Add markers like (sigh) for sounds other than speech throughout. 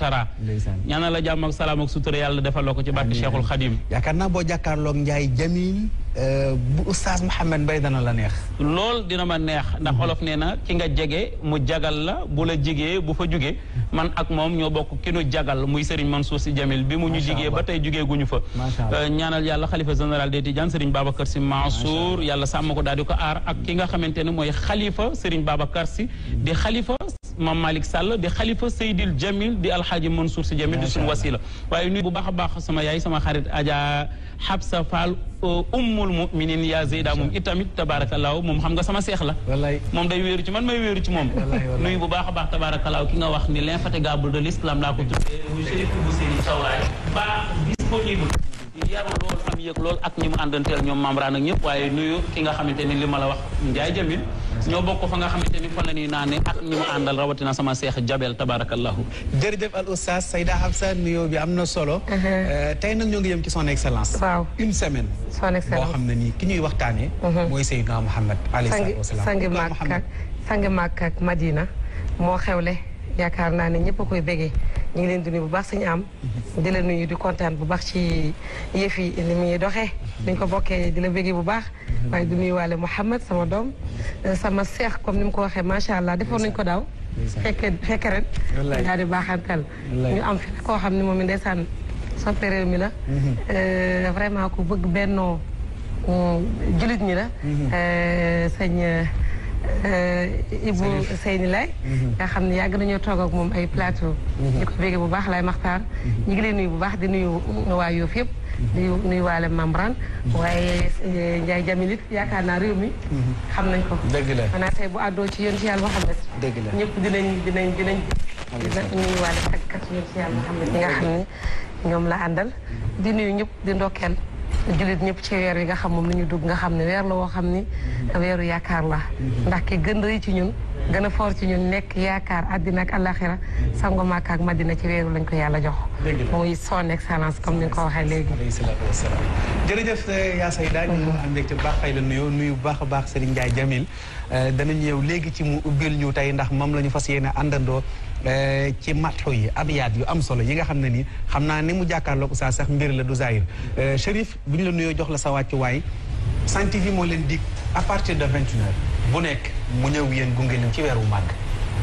tara ñaanal la jàmm ak salaam ak sutura yàlla defaloo ko ci barke Cheikhul Khadim yaakaar naa boo jàkkaarloog Njaay Jamil euh, bu oustaz Mouhamed mbay dana la neex lool dina ma neex ndax mhm. olof nee na ki nga jege mu jagal la bu la jigee bu fa jugee man ak moom ñoo bokk ki nu jagal muy man Mansour si Jamil bi mu ñu jigee ba tey jugee guñu fa euh, ñaanal yàlla xalifa général des Tidianes Serigne Babacar Sy Mansour yàlla sàmm ko daal di ko aar ak ki nga xamante ne mooy xalifa Serigne Babacar di xalifa Maam Malick Sall di xalifa Seydil Jamil di alxaaji Mansour si Jamil di suñu wasila waaye nuyu bu baax a baax sama yaay sama xarit Adja Habsa Fall uh, mi muminin yaa Zeyda moom itamit tabaarakallaahu moom xam nga sama seex la moom day wéeru ci man may wéeru ci moom nuyu bu baax a baax tabaarakallaahu ki nga wax ni l'infatigable de l'islam laa ko tuddee muy Chérif bu Seydi Sawlaay baax disponible yaru loolu am yëg loolu ak ñi mu àndanteel ñoom membrane ak ñëpp li ma ñoo bokk fa nga xamante ni fa ni ñuy naane ak ñi mu àndal rawatina sama seex jabel tabarakallahu jërëjëf al oustaz Sayda Hafsa nuyoo bi am na solo uh-huh. euh, tey nag ñoo ngi yem ci son excellence waaw une semaine son excellence boo xam ne nii ki ñuy waxtaanee uh-huh. mooy Seydina Muhammad alayhi salaatu wasalaam na Makka sangi Makka ak Madina moo xewle yaakaar naa ne ñëpp a koy bégee ñu ngi leen di bu baax suñu am. Mm-hmm. di la nuyu di kontaan bu baax ci yëf yi ni muy doxee. Mm-hmm. ni ko bokkee di la bégee bu baax. Mm-hmm. waaye di nuyu waale Mouhamed sama doom. sama seex comme ni mu ko waxee macha allah defoon nañu ko daaw. fekke fekke ren. daal di baaxantal ñu am fi koo xam ni moom ndeysaan soppe réew mi la. Euh, vraiment ku bëgg bennoo euh, jullit ñi la. Euh, sëñ. Euh, Ibu Seyni Lay mhm. nga xam ne yàgg nañoo toog ak moom ay plateau ñu mhm. ko bégee bu baax lay maxtaar mhm. ñu ngi leen nuyu bu baax di nuyu waa Yoof yëpp di nuyu waale membran waaye euh, Ndiaye Jamilit yaakaar naa réew mi xam nañ ko dëgg la maanaam tey bu àddoo ci yoon ci yàlla Muhammad dëgg la ñëpp dinañ dinañ dinañ nuyu waale nga xam ne ñoom la àndal di nuyu ñëpp di ndokkeel jullit ñëpp ci weer wi nga xam moom la ñu dugg nga xam ne weer la woo xam ni mhm. weeru yaakaar la mhm. ndax ki gën rëy ci ñun gën a foor ci ñun nekk yaakaar àddina ak àllaaxira mhm. sango Màkka ak Madina ci weeru lañ ko yàlla jox muy son excellence comme ni nga ko waxee léegi alayhi salaatu wasalaam jërëjëf eh, yaa sayda ñu am mbégte baax fay la nuyoo nuyu bu baax a baax Serigne Ndiaye Jamil eh, danañ ñëw léegi ci mu ubbil ñu tey ndax moom la ñu fas yéene àndandoo Eh, ci matxu yi abiyaat yu am solo yi nga xam ne ni xam naa ni mu jàkkaarloog saa sax mbir la du zaayir eh, Chérif bu ñu la nuyoo jox la sa wàccuwaay Sen TV moo leen dig à partir de vingt bu nekk mu ñëw yéen gunge leen ci weeru màgg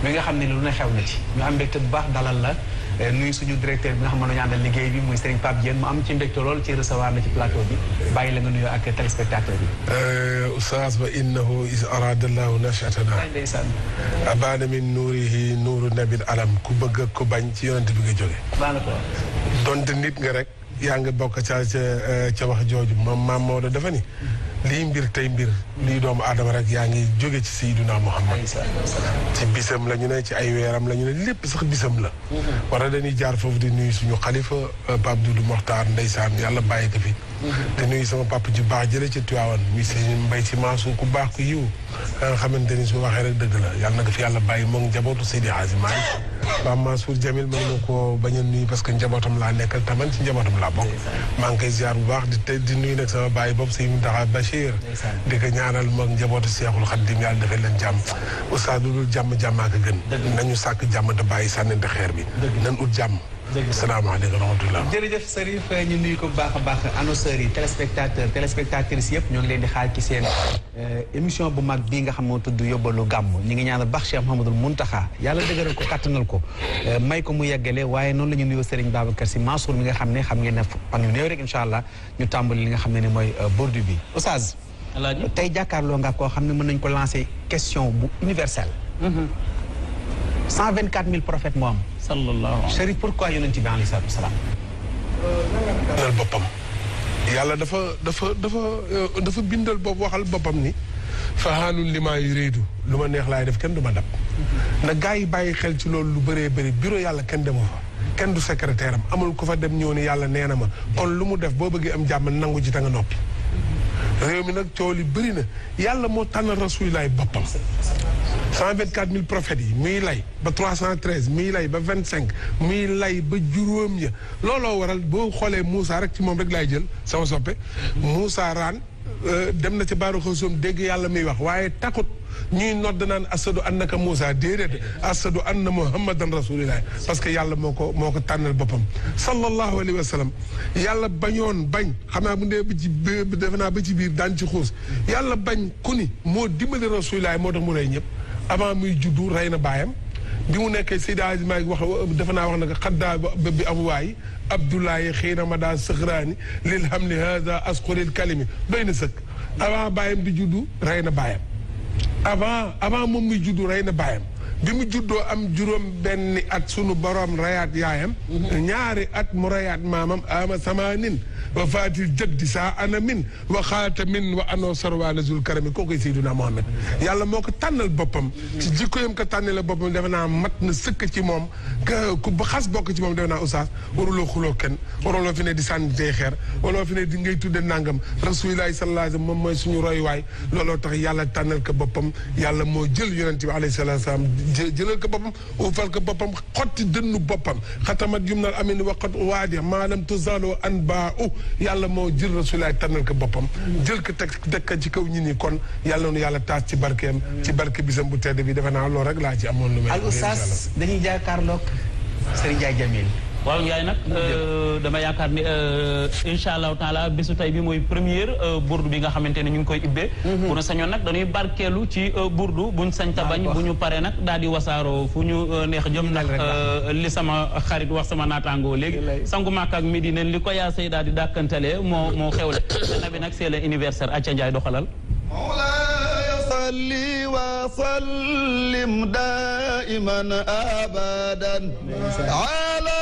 mi nga xam ne lu ne xew na ci ñu am mbégte bu baax dalal la Eh, nuyu suñu directeur bi nga xam ne am àndal liggéey bi muy Serigne Pape Diène mu am ci mbégte lool ci recevoir la ci plateau bi bàyyi la nga nuyoo ak téléspectateur bi eh, oustaz ba innahu is aradallahu nashatana abaana min nuurihi nuuru nabil alam ku bëgg ak ku bañ ci yonent bi nga jóge dont nit nga rek yaa ngi bokk ca ca eh, wax jooju moom maam Maodo dafa ni lii mbir tey mbir lii doomu aadama rek yaa ngi jóge ci Seydina Muhammad ci bisam la ñu ne ci ay weeram la ñu ne lépp sax bisam la wara dañuy jaar foofu di nuyu suñu xalifa euh, Pape Doudou Mokhtar ndeysaan yàlla bàyyi ko fi di nuyu sama papa ju baax jële ci Tiwaawan muy sëñ Mbay Si Mansour ku baax ku yiw nga xamante ni su dëgg la yàlla na ko fi yàlla bàyyi moom njabootu Seydi Hadji Malick ba Mansour Jamil mën na koo bañ a nuyu parce que njabootam laa nekkal taman ci njabootam laa bokk maa ngi koy ziar bu baax di nuyu nag sama bàyyi boobu sëñ Mountakha Bachir di ko ñaanal moom njabootu Seexul Xaddim yàlla defee leen jàmm oustaz lu dul jàmm jàmmaa ko gën nañu sàkk jàmm te bàyyi sànnente xeer bi nan ut jàmm dëgg la salaamaaleykum rahmatulah. jërëjëf Serif ñu nuyu ko baax a baax annonceurs yi téléspectateurs téléspectatrices yëpp ñoo ngi leen di xaar ci seen euh, émission bu mag bi nga xam moo tudd yóbbalu gàmm ñi ngi ñaanal baax Cheikh Mouhamadul Mountakha yàlla dëgëral ko kattanal ko euh, may ko mu yeggale waaye noonu la ñu nuyoo Serigne Babacar Sy Mansour mi nga xam ne xam ngeen ne fan yu néew rek incha allah ñu tàmbali li nga xam ne ni mooy euh, bordu bi Oustaz. alaaji tey jàkkaarloo nga koo xam ne mën nañ ko lancer question bu universelle. 124 mm-hmm. 000 prophètes moo am sallallahu alayhi chérif pourquoi yonent bi alayhi salaatu wasalaam bindal boppam yàlla dafa dafa dafa euh, dafa bindal boobu waxal boppam ni fahaanul li maa yuriidu lu ma neex laay def kenn du ma dab na gaa yi bàyyi xel ci loolu lu bëree bëri bureau yàlla kenn dema fa kenn du secrétaire am amul ku fa dem ñëw ni yàlla nee na ma kon lu mu def boo bëggee am jàmm nangu ci ta nga noppi réew mi nag coow li bëri na yàlla moo tànn rasulilaay boppam. 124 000 prophètes yi muy lay ba 313 muy lay ba vingt cinq muy lay ba juróom ya looloo waral boo xoolee Moussa rek ci moom rek laay jël sama soppe Moussa Raan. Euh, dem na ci baaru xawsoom dégg yàlla muy wax waaye taxut ñuy nodd naan asadu annaka Moussa déedéet asadu anna muhammadan rasulillah parce que yàlla moo ko moo ko tànnal boppam sallallahu alayhi wa sallam yàlla bañoon bañ xam naa bu ndee bi ci defe naa ba ci biir daan ci xuus yàlla bañ ku ni moo dimbali rasulillah moo tax mu rey ñëpp avant muy juddu rey na baayam bi mu nekkee Seydi Hadji Malick wax dafa naa wax nag xaddaa bi ab waay Abdoulaye xëy na ma daa sëxraani lil xam li hada asquril kalimi doy na sëkk avant baayam di juddu rey na baayam avant avant moom muy juddu rey na baayam bi mu juddoo am juróom benni at sunu borom reyaat yaayam mhm. ñaari at mu reyaat maamam ama samaanin wa fatil jaddi saa ana min wa xaatamin wa anoo sarwaala zul karami koo koy Seydina Mohamed yàlla moo ko tànnal boppam ci jikkoyam ko tànnale boppam defe naa mat na sëkk ci moom ku ba xas bokk ci moom defe naa oustaz waruloo xuloo kenn waruloo fi ne di sànni tey xeer waruloo fi di ngay tudde nangam rasulilahi sallallahu alayhi moom mooy suñu royuwaay looloo tax yàlla tànnal ko boppam yàlla moo jël yonente bi alayhi salatu salaam jëlal ko boppam uufal ko boppam xotti dënnu boppam xatamat yum nal amin waqat waadi maalam tuzalo anbaa yàlla moo jël rasulaay tànnal ko boppam jël ko teg teg ci kaw ñi nii kon yàlla noonu yàlla taas ci barkeem ci barke bisam bu tedd bi defe naa lool rek laa ci amoon lu mel al oustaz dañuy jàkkaarloog Serigne Ndiaye Jamil waaw Ndiaye nag euh, dama yaakaar ni euh, incha allahu taala bésu tey bi mooy première euh, burdu bi nga xamante ne ñu ngi koy ibbee mhm. bu ñu sañoon nag dañuy barkeelu ci burdu buñ sañ ta bañ bu ñu paree nag daal di wasaaroo fu ñu neex jëm ndax li sama xarit wax sama naataangoo léegi sangu Màkka di Medina li ko yaa daal di dàkkantalee moo moo xewle dana (coughs) bi nag c'est l'anniversaire Aca Ndiaye doxalal salli wa sallim daiman abadan ala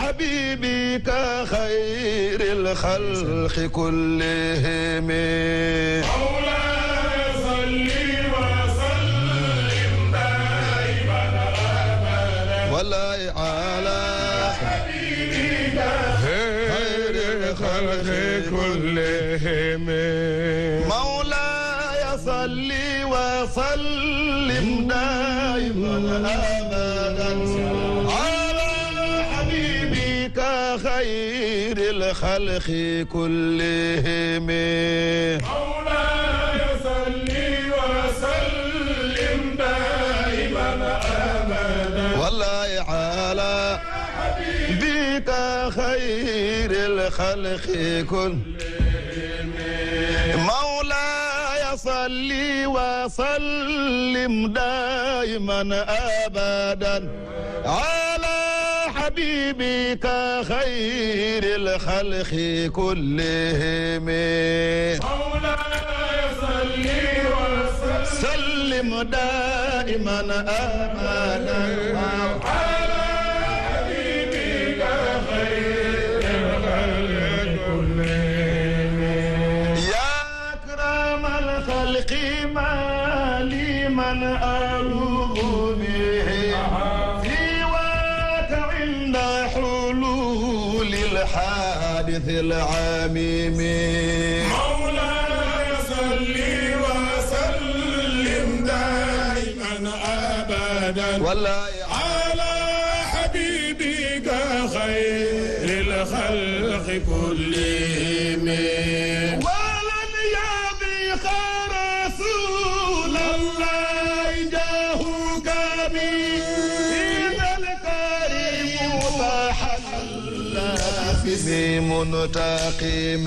habibika khayril khalqi kullihim mawlana salli wa sallim daiman abadan wala ala habibika khayril khalqi kullihim الخلق كلهم مولاي صل وسلم دائما ابدا والله على حبيبك خير الخلق كلهم مولاي صل وسلم دائما ابدا حبيبي كخير الخلق كلهم مولاي صل وسلم دائما أبدا العميم مولاي صل وسلم دائما ابدا والله على حبيبك خير الخلق كلهم منتقم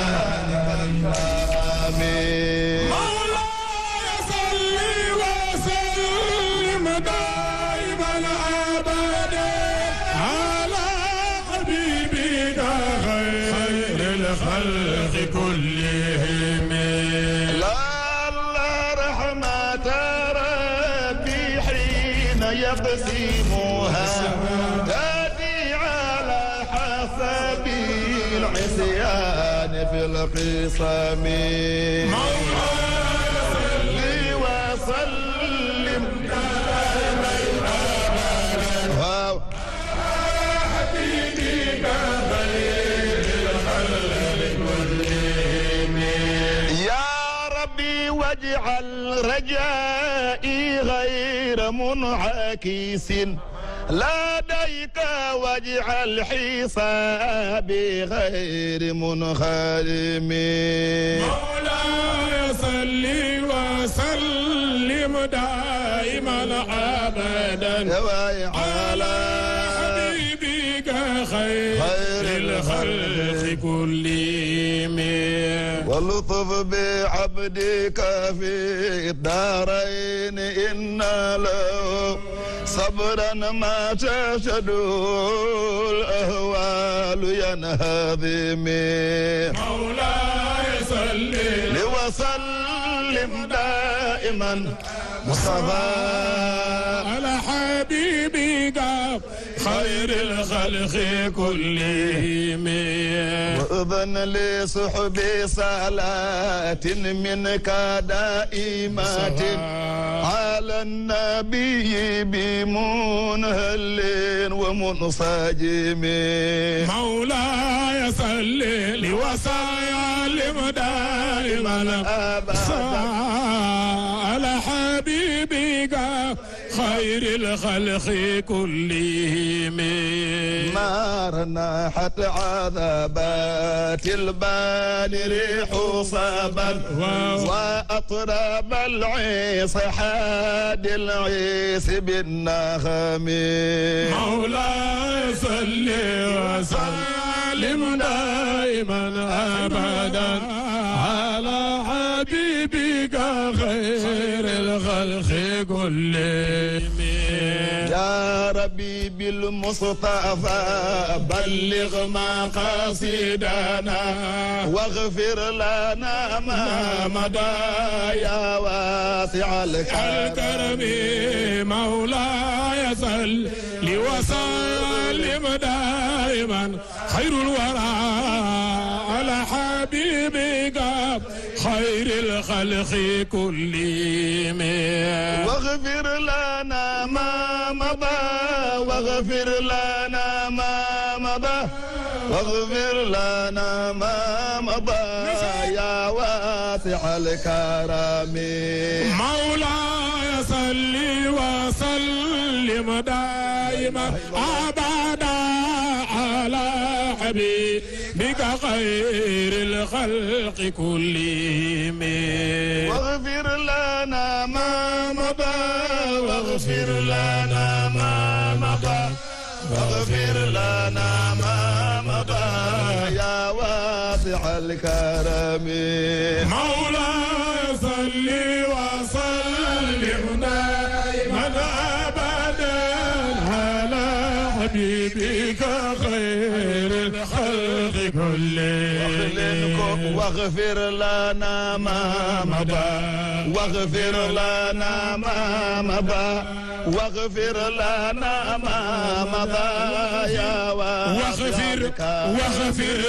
الخصام صلي وسلم واو حبيبك خير الخلق كلهم يا ربي واجعل رجائي غير منعكس لديك واجعل حسابي غير منخرم مولاي صل وسلم دائما ابدا على حبيبك خير, خير الخلق كلهم ولطف بعبدك في الدارين إنا له صبرا ما تشدوا الأهوال ينهضمي مولاي صل وسلم دائما مصطفى على حبيبي قاب خير الخلق كلهم وأذن لصحبي صلاة منك دائمات على النبي بمنهل ومنصجم مولاي صل لوسايا لمدار من أبدا خير الخلق كلهم ما رنحت عذابات البال ريح صبا وأطرب العيس حاد العيس بالنغم مولاي صل وسلم دائما أبدا على حبيبك خير الخلق كلهم الحبيب المصطفى بلغ مقاصدنا واغفر لنا ما مضى يا واسع الكرم مولاي صل وسلم دائما خير الورى على حبيبك خير الخلق كلهم واغفر لنا ما مضى واغفر لنا ما مضى واغفر لنا ما مضى يا واسع الكرم مولاي صل وسلم دائما ابدا على حبيبك خير الخلق كلهم واغفر لنا ما مضى واغفر لنا ما مضى واغفر لنا ما مضى يا واسع الكرم مولاي صل وسلم دائما ابدا على حبيبي wax leen ko waxfir lana ma mada waxfir lana ma mada waxfir lana ma mada ya wa waxfir waxfir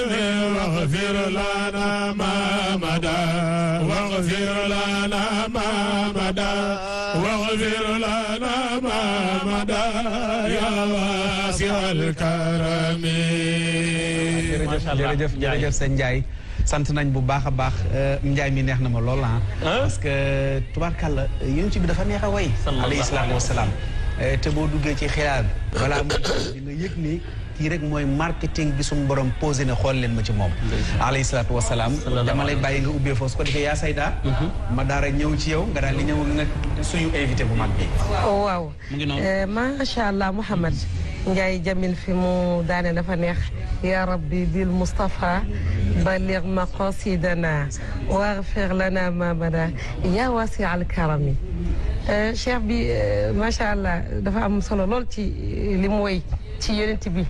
waxfir lana ma mada waxfir lana ma mada waxfir lana ma mada ya wasi'al karami macha allah jërëjëf jërëjëf sëñ Ndiaye sant nañ bu baax a baax euh, Ndiaye mi neex na ma lool ah. ah. parce que tubaarkàlla yonent bi dafa neex a way. alayhi salaatu salaam euh, te boo duggee ci xilaat bi. balaa mu ni. kii rek mooy marketing bi suñu borom posé na xool leen ma ci moom alayhi salaatu wasalaam dama lay bàyyi nga ubbee foofu su ko defee yaa sayda mhm. ma daara ñëw ci yow nga daal li ñëw nag suñu invité bu mag bi oh, waaw euh, macha allah Mouhamed Ndiaye Jamil fi mu daane dafa neex yaa rabbi bil Mustafa baligh maqasidana waghfir lana ma bada yaa wasi al karami eh, cheikh bi eh, macha allah dafa am solo lool ci eh, li mu woy ci yonent bi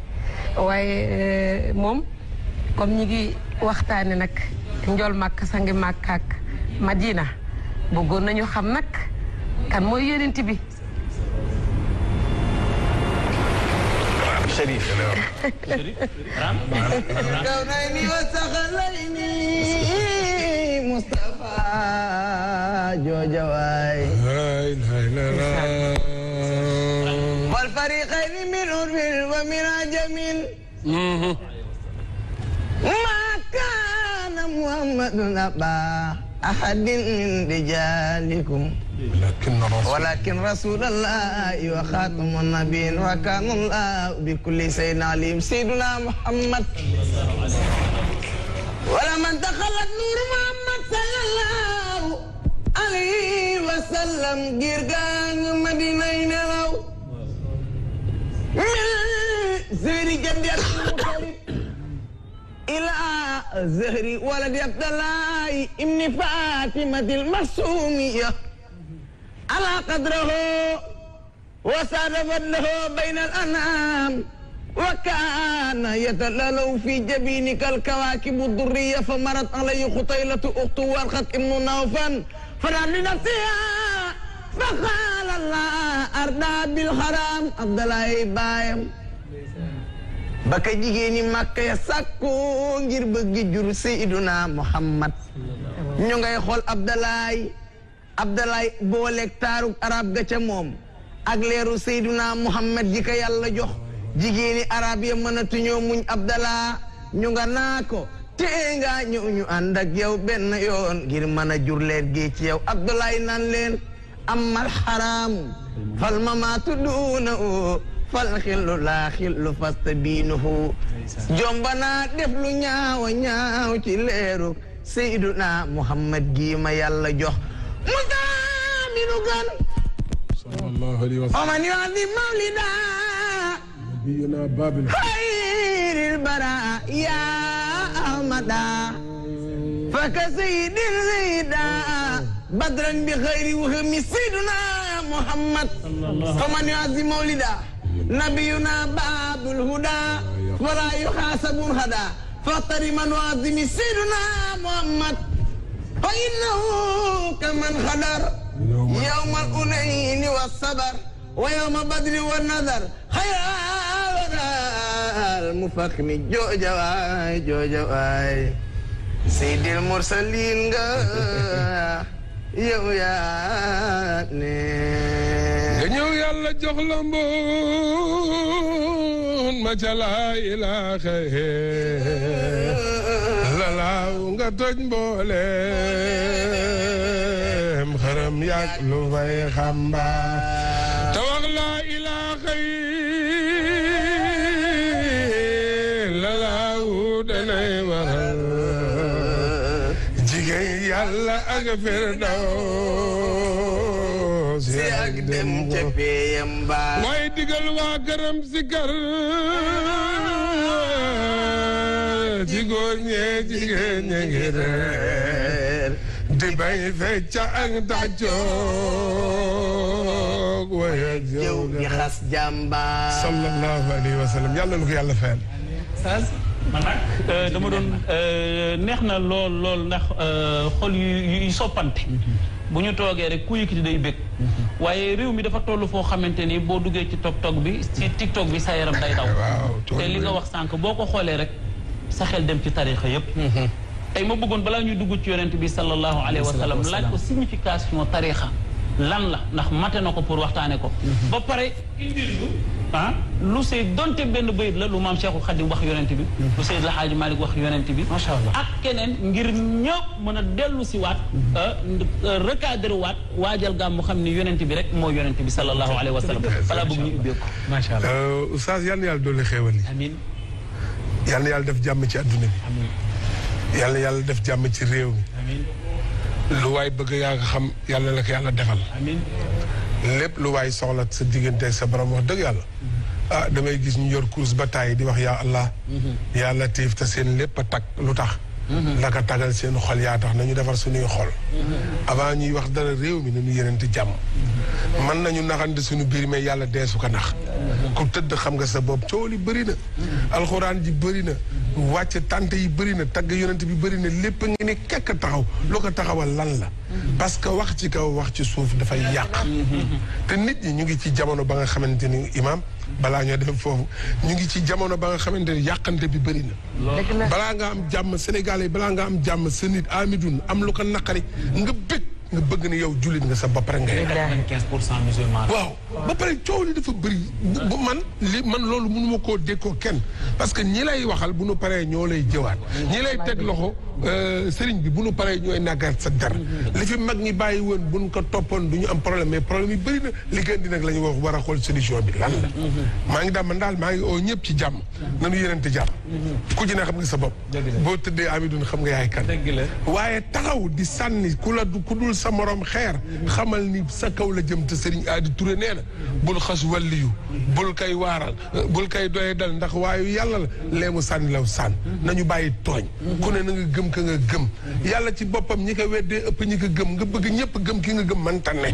waaye moom comme ñi ngi waxtaane nag njool màkk sangi màkk ak Madina bëggoon nañu xam nag kan mooy yonent bi Chérif. Chérif. كونيني وسخليني مصطفى جوجواي. هاي هاي والفريقين من عرب ومن عجم. ما كان محمد أبا أحد من رجالكم ولكن رسول الله وخاتم النبيين وكان الله بكل شيء عليم سيدنا محمد ولمن دخلت نور محمد صلى الله عليه وسلم جرجان مدينة لو من زير جنبي إلى زهري ولد عبد الله ابن فاطمة المصومية على قدره وساد فضله بين الأنام وكان يتلالو في جبينك الكواكب الضرية فمرت عليه خطيلة أخت ورقة ابن نوفل فنال لنفسها فقال الله أردى بالحرام عبد الله بايم ba ka jigéen ñi màkk ya sàkkoo ngir bëgg jur Seyduna Muhammad ñu ngay xool Abdalaay Abdalaay booleeg taarug arab ga ca moom ak leeru Seyduna Muhammad ji ko yàlla jox jigéeni arab ya mënatuñoo muñ Abdalaa ñu nga naako ko tee ngaa ñëw ñu ànd ak yow benn yoon ngir mën a jur leer gi ci yow Abdalaay naan leen amal xaraamu fal mamaatu duuna oo fal xillu laa xillu fast biinuhu jomba naa def lu ñaawa ñaaw ci leeru seyduna muhammad gii ma yàlla jox musa minu gan oman yoo di mawlida xayril bara yaa ahmada faka seydil zeyda badran bi xayri wuxami seyduna muhammad oman yoo di mawlida نبينا بعد الهدى ولا يحاسب هدى فاطر من واظم سيدنا محمد فإنه كمن خدر يوم الأنين والصبر ويوم بدر والنذر خير المفخم جوج واي جوج واي سيد المرسلين يا يا jox la ma ca laa ilaaha lalaaw nga toj xaram yàgg lu fay xamba te wax laa ilaaha lalaaw danay waral jigéen yàlla ak si ak dem ca peeyam baa waaye digal waa këram sikar ci góor ñee jigéen ña ngi reer di bañ fecca ak tàccoog waaye jëw gi xas jàmbaar sallallahu alayhi wa sallam yàlla na ko yàlla man nag euh, dama doon euh, neex na lool lool ndax euh, xol yu yu soppante. Mhm. bu ñu toogee rek ku yëkkati day bëgg. Mhm. waaye réew mi dafa toll foo xamante ni boo duggee ci TikTok bi ci TikTok bi sa yaram day daw. (laughs) te li nga wax sànq boo ko xoolee rek sa xel dem ci tarixa yépp mhm. tey ma bëggoon balaa ñuy dugg ci yonent bi sallallahu alayhi wa sallam laaj ko signification tarixa lan la ndax mate na ko pour waxtaane ko mhm. ba pare indil ñu ah lu sey donte benn bayit la lu maam Cheikhul Khadim wax yonent bi mhm. lu sey la Xaaji Malick wax yonent bi macha allah ak keneen ngir ñëpp mën a dellu si waat mhm. ah, euh, recadré waat waajal gàmm mu xam ni yonent bi rek moo yonent bi sallallahu alayhi wa sallam balaa bëgg ñu ubbeeku macha allah euh, oustaz yal na yàlla dolli xéewal yi amin yal na yàlla def jàmm ci adduna bi yal yàlla def jàmm ci réew mi lu waay bëgg yaa nga xam yàlla la yàlla defal. amiin lépp lu waay soxla sa digganteeg sa borom wax dëgg yàlla. Mm-hmm. ah damay gis ñu yor course ba tàyyi di wax yaa allah. Mm-hmm. yàlla latiif te seen lépp a tag lu tax. naka mm-hmm. tagal seen xol yaa tax nañu defar sunuy xol. avant ñuy wax dara réew mi nañu yéeneenti jàmm. man nañu naxante suñu biir mais yàlla deesu ko nax. ku tëdd xam nga sa bopp coow li alxuraan ji bëri wàcc tante yi bëri na tagg yonent bi bëri na lépp nga ne kekk taxaw loo ko taxawal lan la parce que wax ci kaw wax ci suuf dafay yàq te nit ñi ñu ngi ci jamono ba nga xamante ni imaam balaa ñoo dem foofu ñu ngi ci jamono ba nga xamante ni yàqante bi bëri na balaa nga am jàmm sénégalais balaa nga am jàmm sa nit amidun am lu ko naqari nga bëgg nga bëgg ne yow jullit nga sa ba pare nga. quinze pour cent musulman waaw ba bu man li man loolu mënu ma koo déggoo kenn. parce que ñi lay waxal bu nu paree ñoo lay jëwaat. ñi euh, ñi bàyyi woon bu nu ko toppoon du ñu am problème mais problème yi bëri na li gën di nag la ñu wax war la. maa ngi daal man daal ñëpp ci jàmm. nañu yéeneente jàmm. ku ci ne boo tëddee Amidou xam nga yaay kan. waaye taxaw di sànni ku la ku dul sa morom xeer xamal ni sa kaw la jëm te Serigne Adi Touré nee na bul xas walliyu bul kay waaral bul kay doye dal ndax waayu yàlla la lee mu sànni law sànn nañu bàyyi tooñ ku ne na nga gëm ka nga gëm yàlla ci boppam ñi ko weddee ëpp ñi ko gëm nga bëgg ñëpp gëm ki nga gëm mënta ne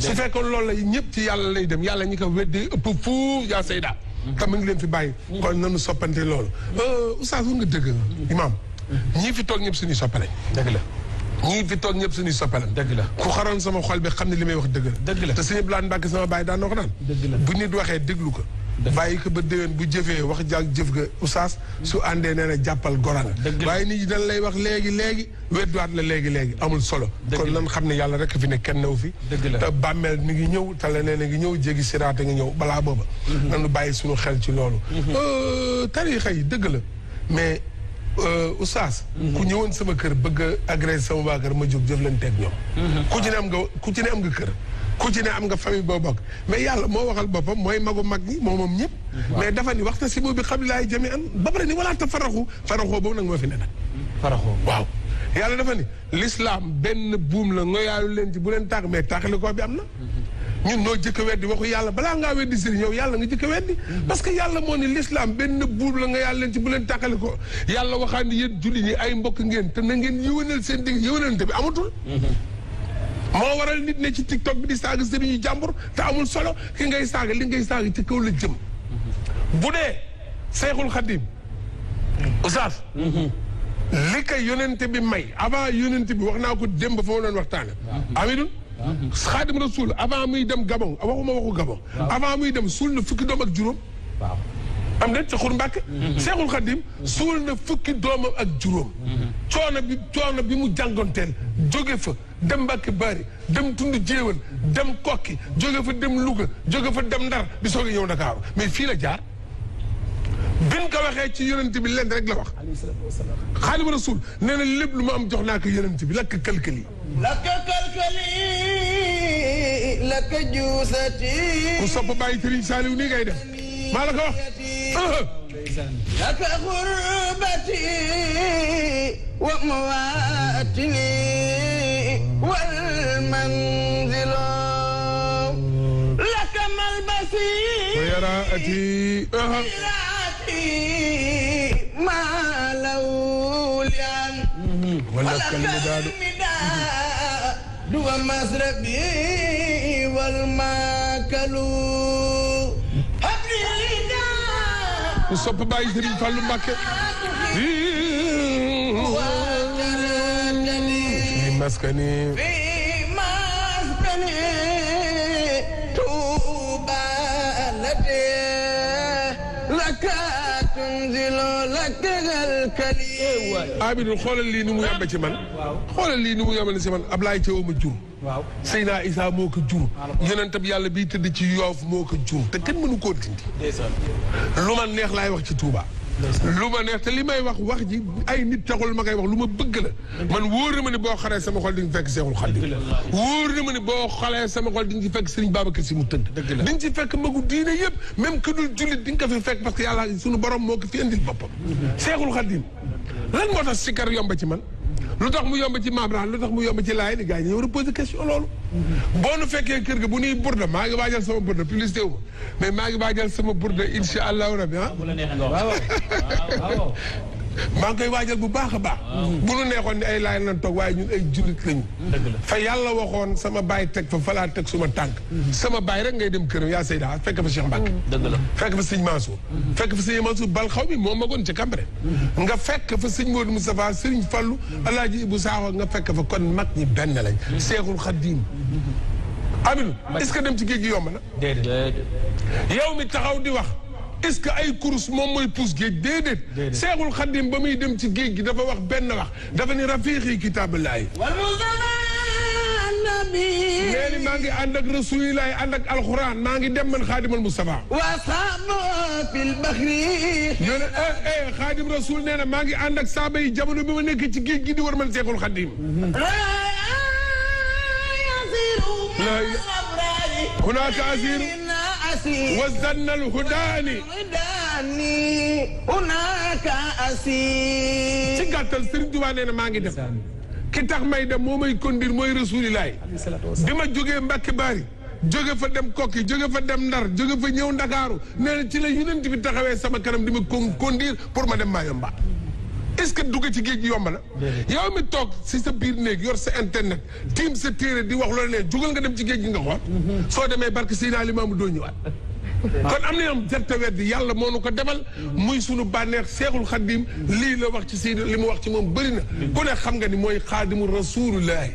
su fekkoon loolu la ñëpp ci yàlla lay dem yàlla ñi ko weddee ëpp fuuf yaa say daal tam ngi leen fi bàyyi kon nanu soppante loolu euh, oustaz nga dëgg imaam ñii fi toog ñëpp suñuy soppale dëgg la ñii fi toog ñëpp suñuy soppe la dëgg la ku xaroon sama xol bi xam ne li may wax dëgg la dëgg te suñu bilaan mbàkk sama bàyyi daan na ko bu nit waxee déglu ko bàyyi ko ba déwén bu jëfee wax jàg jëf ga usaas mm. su àndee nee na jàppal goral waaye nit ñi dañ lay wax léegi léegi wedduwaat la léegi léegi amul solo kon nan xam ne yàlla rek fi ne kenn newu fi te bàmmeel mi ngi ñëw te leneen a ngi ñëw jéggi siraata ngi ñëw balaa booba mm-hmm. nanu bàyyi suñu xel ci loolu mm-hmm. euh, tarixa yi dëgg la Euh, oustaz. ku ñëwoon sama kër bëgg a agressé sama kër ma jóg jëflanteeg ñoom. ku ci am nga ku ci ne am nga kër. ku ci ne am nga famille boo bokk mais yàlla moo waxal boppam mooy magu mag ñi moom moom ñëpp. mais dafa ni waxta si bi xam laay jëmee an ba pare ni wala ta faraxu faraxoo boobu nag moo fi ne nag. faraxoo waaw. yàlla dafa ni l'islam benn buum la ngoyaalu leen ci bu leen tàgg mais tàqali ko bi am na. ñun noo jëkk a weddi waxu yàlla balaa ngaa weddi sëriñ yow yàlla nga jëkk a weddi parce que yàlla moo ne l'islam benn buub la nga yàlla leen ci bu leen tàkkale ko yàlla waxaan ni yéen julli ñi ay mbokk ngeen te na ngeen yëwanal seen digg yëwanalante bi amatul moo waral nit ne ci tiktok bi di saaga jàmbur te amul solo ki ngay saaga li ngay saaga ci kaw la jëm bu dee Seexul Xadim Oustaz li ko yonente bi may avant yonente bi wax naa ko démb fa ma doon waxtaane xaadim rasul avant muy dem Gabon waxuma waxu Gabon. avant muy dem suul na fukki doom ak juróom. waaw am na ci xur Mbàkke. Mhm. Seexul Xaadim suul na fukki doomam ak juróom. Mhm. coono bi coono bi mu jàngonteel jóge fa dem Mbàkke Bari dem tund jéewal dem kokki jóge fa dem Louga jóge fa dem Ndar bi soog a ñëw Ndakaaru mais fii la jaar. bin ko waxee ci yonent bi leen rek la wax. xaalima rasul nee na lépp lu ma am jox naa ko yonent bi lakk kalkali. lakk kalkali lakk juusati. ku sopp bàyyi Sëriñ Saaliw nii ngay def maa la ko wax. lakk xurbati wa mawaatini wal manzilo lakk malbasi wa yaraati والمداد دو مسربي والماكلو sopp Baay Sëriñ Fallu Mbàkke mhm. fi maskani fi maskani Tuuba late laka Amidou xoolal lii ni mu yàmbe ci man. waaw xoolal lii ni mu yàmbe ci man Ablaye Thiaw ma jur. waaw Seydina Isa moo ko jur. yonentam yàlla biy tëdd ci yoof moo ko jur. te kenn mënu koo dindi. lu man neex laay wax ci Touba. lu ma neex te li may wax wax ji ay nit taxul ma koy wax lu ma bëgg la man wóor na ma ni boo xalee sama xol di nga fekk Seexul Xadim wóor na ma ni boo xalee sama xol di nga fekk Sëriñ Babacar Si mu tëdd di nga ci fekk magu diine yëpp même que dul jullit di nga ko fi fekk parce que yàlla sunu borom moo ko fi indil boppam mm-hmm. Seexul Xadim lan moo tax sikar yomba ci man lu tax mu yomb ci membran lu tax mu yomb ci laay ni gars yi ñu war a poser question loolu boo nu fekkee kër ga bu nuy burda maa ngi waajal sama burda publicité wu ma mais maa ngi waajal sama burda insha allahu ah. Ah, maa ngi koy waajal bu baax a baax. bu nu neexoon ni ay laay nan toog waaye ñun ay jullit lañu. fa yàlla waxoon sama baay teg fa fa teg suma tànk. Mhm. sama baay rek ngay dem këram yaa Seyda fekk fa Cheikh Mbacke. Mhm. dëgg la fekk fa sëñ Mansour. Mhm. fekk fa sëñ Mansour bal xaw mi magoon ci Cambre. nga fekk fa sëñ Modou Moustapha sëñ Fallou El Hadj Ibou Sakho nga fekk fa kon mag ñi benn lañ. Cheikhul Khadim. Aminu est-ce que dem ci géej gi yomb na. déedéet yow mi taxaw di wax. est-ce que ay course moom mooy pousse géej déedéet. déedéet Seexul ba muy dem ci géej gi dafa wax benn wax dafa ni rafiqi kitaabullahi. nee ni maa ngi ànd ak rasulilaay ànd ak alxuraan maa ngi dem man xaadimal Mustafa. ñu ne eh eh xaadim rasul nee na maa ngi ànd ak saaba yi jamono bi ma nekk ci géej gi di war man Seexul Xadim. la وزن الهداني هناك أسير ci gàttal Sëriñ Tuubaa nee na maa ngi dem ki tax may dem moo may kondir mooy rasulilaay dama jógee Mbàkke Baari jóge fa dem kokki jóge fa dem ndar jóge fa ñëw ndakaaru nee na ci la yonent bi taxawee sama kanam di ma kondir pour ma dem Mayumba est-ce que dugg ci géej gi yomb la yow mi toog si sa biir néeg yor sa internet tiim sa téere di wax loolu leen jugal nga dem ci géej gi nga xool mm-hmm. soo demee si Seydina Limaamu doo ñëwaat kon am na yoon jërte weddi yàlla moo nu ko demal muy sunu bànneex seexul xa xaddim lii la wax ci si li mu wax ci moom bëri na ku ne xam nga ni mooy xaadimu rasulullahi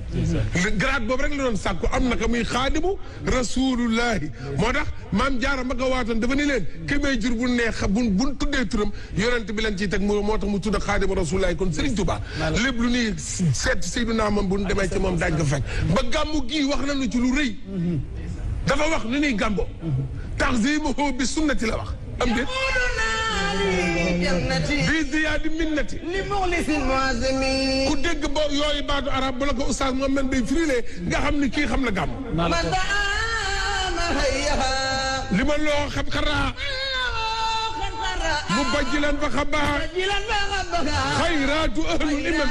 grade boobu rek la doon sàkku am na ko muy xaadimu rasulullahi moo tax maam jaara ma nga waatoon dafa ni leen ki may jur bu neex bu buñ tuddee turam yonent bi lañ ciy teg mu moo tax mu tudd xaadimu rasulullahi kon Serigne Touba lépp lu ñuy seet Seydunaa moom bu ñu demee ci moom daañ ko fekk ba gàmmu gii wax nañu ci lu dafa wax nu ñuy gàmbo taxzimuhu bi sunnati la wax am déet bi ziyaadi minnati li muxlisin moisimi ku dégg bo yooyu baatu arab bu la ko oustaz moom men bay firilee nga xam ni kii xam na gàmbo li ma loo xam xaraa مبجلا فخبها خيرات أهل الإمم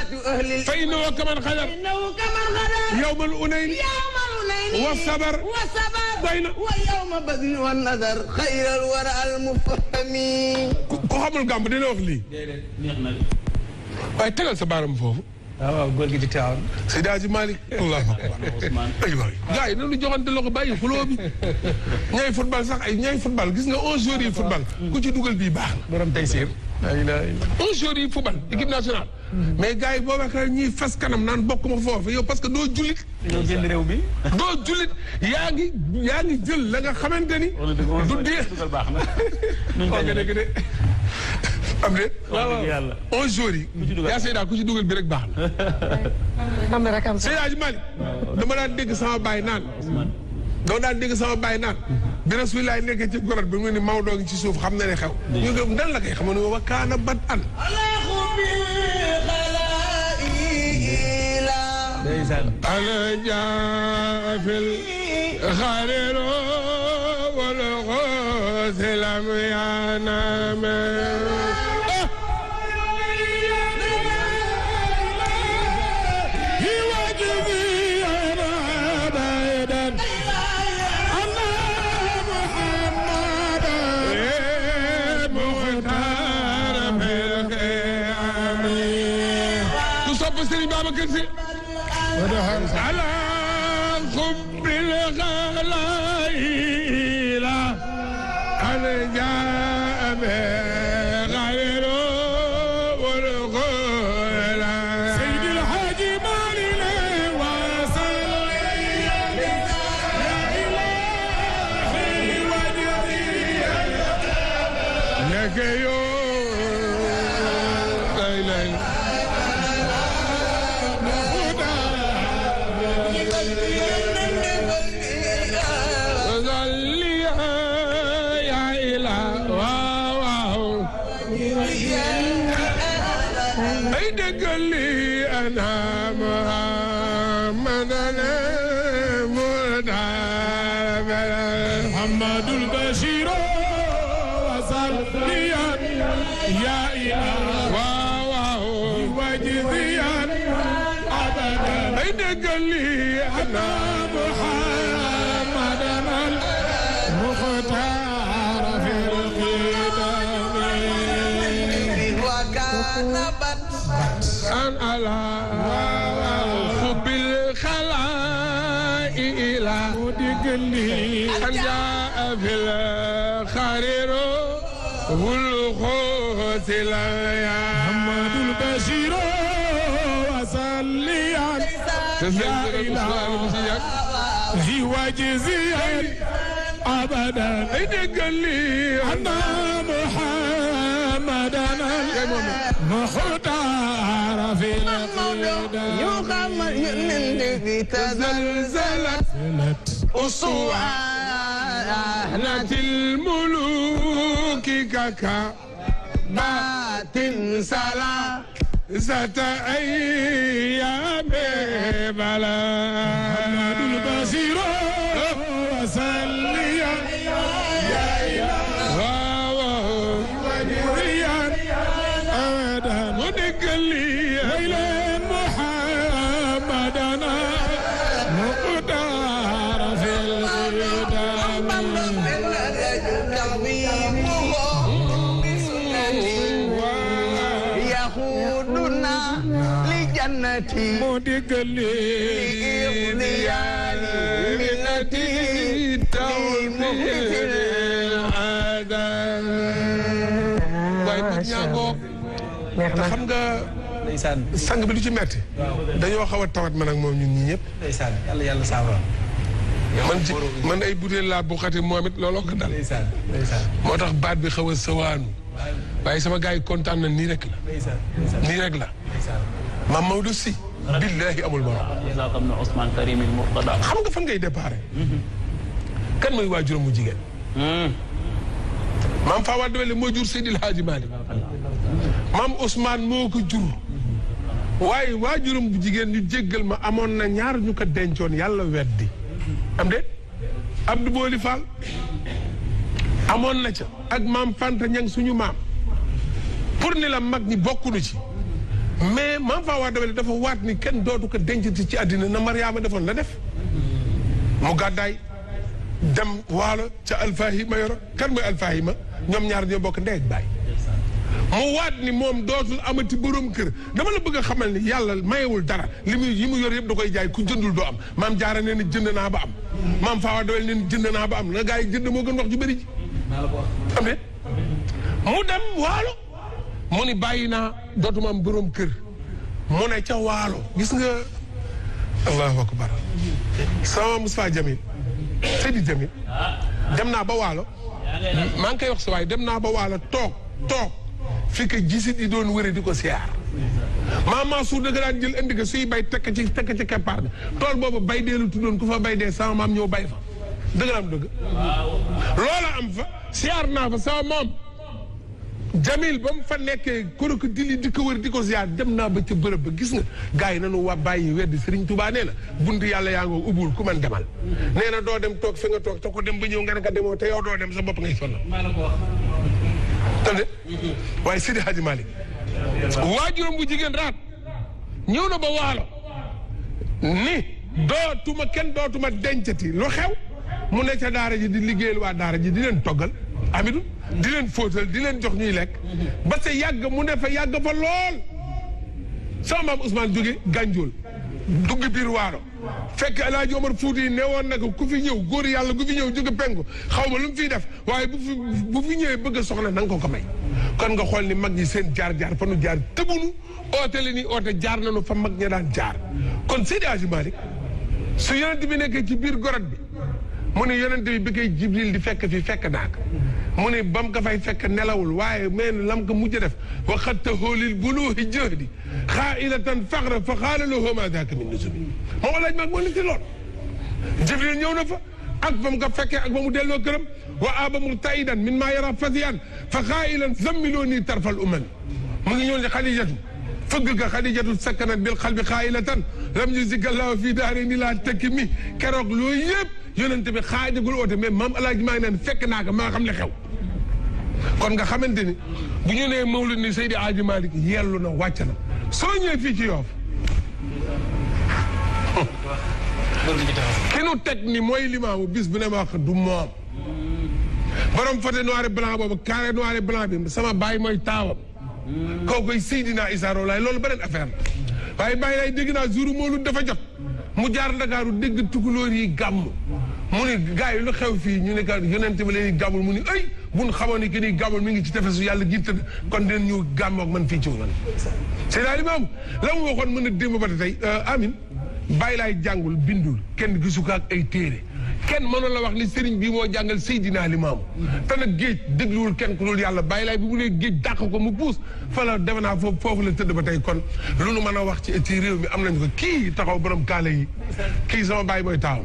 فإنه كمن خلق يوم الأنين يوم الحسنين والصبر والصبر doy na ويوم بذل والنذر خير الورى المفهمين ku xamul gàmb dina wax lii neex na waaye tegal sa baaram foofu waaw ah, waaw góor gi di taaw. Seydi Hadji Malick. allahu akbar aywaay. gars yi nañu joxante loxo bàyyi xuloo bi. ñooy football sax ay ñooy football gis nga onze joueurs yi football. ku ci dugal bii baax na. borom tey siir. aywa aywa onze joueurs yi football équipe nationale. mais gaa yi boobaa ka ñuy fas kanam naan bokk ma foofu yow parce que doo jullit. yow génn réew mi. doo jullit yaa ngi yaa ngi jël la nga xamante ni. du dee (laughs) (laughs) am de waaw onze jours yi. yaa Seyda ku ci dugal bi baax na. (laughs) am na rek am Seyda ji Mali. dama daan dégg sama baay naan. dama daan dégg sama baay naan. bi rasulilaay nekkee ci gorot bi mu ne Maodo ngi ci suuf xam na ne xew. ñu ngi nan la kay xam nga ne wa kaana bat an. أنا جاء في الخرير والغوث لم ينام ay dëggal li anamaha madana mudabara hamadul وقد جاء في الخرير والخوت الأغيار محمد البشير وصلي لا إله في وجزيا أبدا لي أن محمدا مختار في يغمر من تزلزلت أصوات برهنة الملوك كك بات سلا ستة أيام بلا محمد البصير te xam nga sang bi du ci metti dañoo xaw a tawat man yàlla yàlla saafara man ci man laa buxati moom it looloo ko dal moo tax baat bi xaw a sawaanu waaye sama gars yi kontaan na nii rek la nii rek la Maam Maodo Si billaahi amul morom Ousmane Karim Murtada xam nga fan ngay déparé kan mooy waajuram mu jigéen maam Fawade Wele moo jur Seydil Hadji Malick maam Ousmane moo ko jur waaye waajuram bu jigéen ñu jéggal ma amoon na ñaar ñu ko dencoon yàlla weddi am de Abdou Boli Fall amoon na ca ak maam Fanta Ñang suñu maam pour ni la mag ñi bokkuñu ci mais maam Faa waa Dawele dafa waat ni kenn dootu ko dencati ci àddina na Mariama defoon la def mu gàddaay dem waalo ca Alfahima yoro kan mooy Alfahima ñoom ñaar ñoo bokk ndey ak baay mu waat ni moom dootul amati boroom kër dama la bëgg xamal ni yàlla mayewul dara li muy mu yor yëpp da koy jaay ku jëndul doo am maam jaara nee na jënd naa ba am maam Faa waa Dawele nee na jënd naa ba am na yi jënd moo gën wax ju bëri ji am mu dem waalo mu ni bàyyi naa dootuma am borom kër mu ne ca waalo gis nga allahu akbar sama Moustapha Jamil Seydi Jamil dem naa ba waalo maa ngi koy wax si waaye dem naa ba waalo toog toog fi ko jisit yi doon wëri di ko siyaar maam Mansour dëgg daan jël indi ko siy bay tekk ci tekk ci keppaar ga tool boobu bay dee lu tuddoon ku fa bay dee sama maam ñëw bay fa dëgg dëgg loola am fa siyaar naa fa sama maam Jamil ba mu fa nekkee krokodil yi di ko wër di ko dem naa ba ca bërëb ba gis nga gaa yi nanu waa bàyyi weddi Serigne Touba nee na bunt yàlla yaa ngoo ubbul ku man demal nee na doo dem toog fi nga toog te ko dem ba ñëw nga ne ko demoo te yow doo dem sa bopp ngay sonal tade waaye Sidi Hadji Malick waajuram bu jigéen raat ñëw na ba waalo ni dootuma kenn dootuma dencati lu xew mu ne ca daara ji di liggéeyal waa daara ji di leen toggal Amidou di leen fóotal di leen jox ñuy lekk ba sa yàgg mu ne fa yàgg fa lool sama maam Ousmane jóge Gànjool dugg biir waalo fekk El Hadj Omar yi ne woon na ko ku fi ñëw góor yàlla ku fi ñëw jóge penku xaw ma lu mu fiy def waaye bu fi bu ñëwee bëgg soxla na ko ko may kon nga xool ni mag ñi seen jaar-jaar fa nu jaar tëbunu oote li ni oote jaar na nañu fa mag ña daan jaar kon Seydi Hadji Malick su yonent bi nekkee ci biir gorot bi mu ne yonent bi bi koy jibril di fekk fi fekk naa ko mu ne ba mu ko fay fekk nelawul waaye meen lam ko mujj def waxatta xoolil buluuhi jëhdi xaa ilatan faxra fa xaalalu homa daaka min nusubi moom alaaj maag moo niti lool jibril ñëw na fa ak ba mu ko fekkee ak ba mu delloo këram wa aba murtaidan min maa yara fasiyan fa xaa ilan zammiloo nii tarfal uman mu ngi ñëw ne xalijatu fëgg nga xadijatu sakkanat bil xalbi xaayilatan lam ñu zikallaahu fii daari ni laa tekki mi keroog loolu yëpp yonent bi xaajagul oote mais maam alaaji maa fekk naa ko kon nga xamante ni bu ñu nee mawlid ni Seydi Aaji Malik yellu na wàcc na soo ñëwee fii ci yoof ki nu teg ni mooy limaamu bis bu ne ma du moom borom fote noir et blanc boobu carré noir et blanc bi sama baay mooy taawam ko kookoy Seydina Issa Rohou Laye loolu beneen affaire la waaye bàyyi lay dégg naa jour Mawlud dafa jot mu jaar Ndakaaru dégg tukulóor yi gàmm mu ne gars yi lu xew fii ñu ne gàmm yonent bi leen gàmmul mu ne ay bu ñu xamoon ne que ni mi ngi ci tefesu yàlla gi kon dinañ ñëw gàmm ak man fii ci man c'est daal imaam la mu waxoon mën a démb ba tey euh, amin bàyyi laay jàngul bindul kenn gisu ko ay tere kenn mënu la wax ni sëriñ bi moo jàngal Seydina Limaamu te nag géej dégluwul kenn ku dul yàlla bàyyi laay bi mu nee géej dàq ko mu puus fa la defe naa foofu foofu la tëdd ba tey kon lu nu mën a wax ci ci réew mi am nañu ko kii taxaw borom kaala yi kii sama baay mooy taaw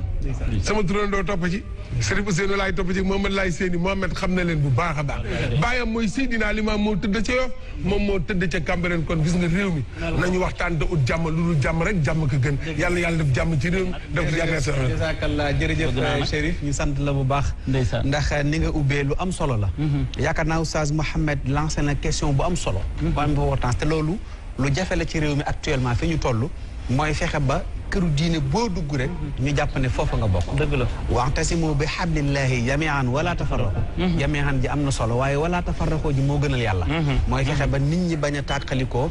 sama turandoo topp ci Serigne Ousseynou laay topp ci Mohamed laay Seyni Mohamed xam na leen bu baax a baax bàyyam mooy Seydina Limaam moo tëdd ca Yoff moom moo tëdd ca Cambérène kon gis nga réew mi nañu waxtaan de ut jàmm lu dul jàmm rek jàmm ko gën yàlla yàlla jàmm ci réew mi def jàmm jazakallah jërëjëf euh, Chérif ñu sant la bu baax ndax euh, ni nga ubbee lu am solo la mhm. yaakaar naa Oustaz Mohamed lancé na question bu am solo mhm. bu am te loolu lu jafe la ci réew mi actuellement fi ñu toll mooy fexe ba këru diine boo dugg rek ñu jàpp ne foofa nga bokk dëgg la waxtasimu bi hablillahi jamian wala tafarraqu mhm. jamian ji am na solo waaye wala tafarraqu ji moo gënal yàlla mhm. mooy fexe mhm. ba nit ñi bañ a ne ko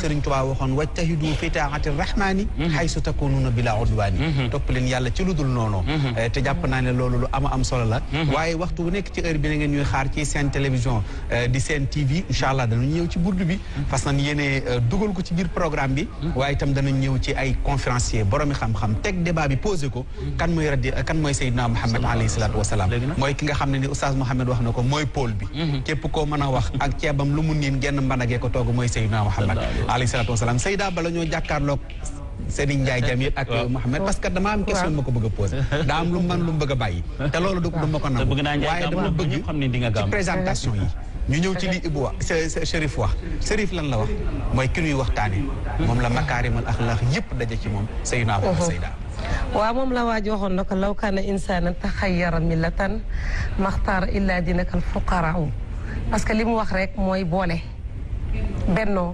Sëriñ Tuubaa waxoon wajtahidu fi taa'ati rahmaani haysu takunuuna bila udwaani topp leen yàlla ci eh, ama am solo la waaye waxtu bu nekk ci heure bi na ngeen ñuy xaar ci seen télévision eh, di seen TV incha allah danañ ñëw ci burdu bi fas nañ eh, dugal ko ci biir programme bi waaye itam danañ ñëw ci ay conférence dossier boromi xam-xam teg débat bi posé ko kan mooy raddi kan mooy mooy ki nga xam ne ni oustaz Mouhamed wax na ko mooy pôle bi mhm. képp koo mën wax ak ceebam lu mu niin genn mbanagee ko toog mooy Seydina Mouhamed alayhi Seyda Bala ñoo jàkkaarloog Serigne Ndiaye Jamil ak Mouhamed parce que dama am question ko bëgg a daa am lu man lu mu bëgg bàyyi te loolu du ma ko nangu waaye dama bëgg présentation yi ñu ñëw ci li Ibou wax Chérif wax lan la wax mooy ki ñuy waxtaane moom la makaarimal axlaax yëpp daje ci moom Seydina Abou Seyda waaw moom la waaj waxoon na ko law kaana insaanan taxayyara millatan maxtaara illaa dinakal fuqaraaw parce que li mu wax rek mooy boole bennoo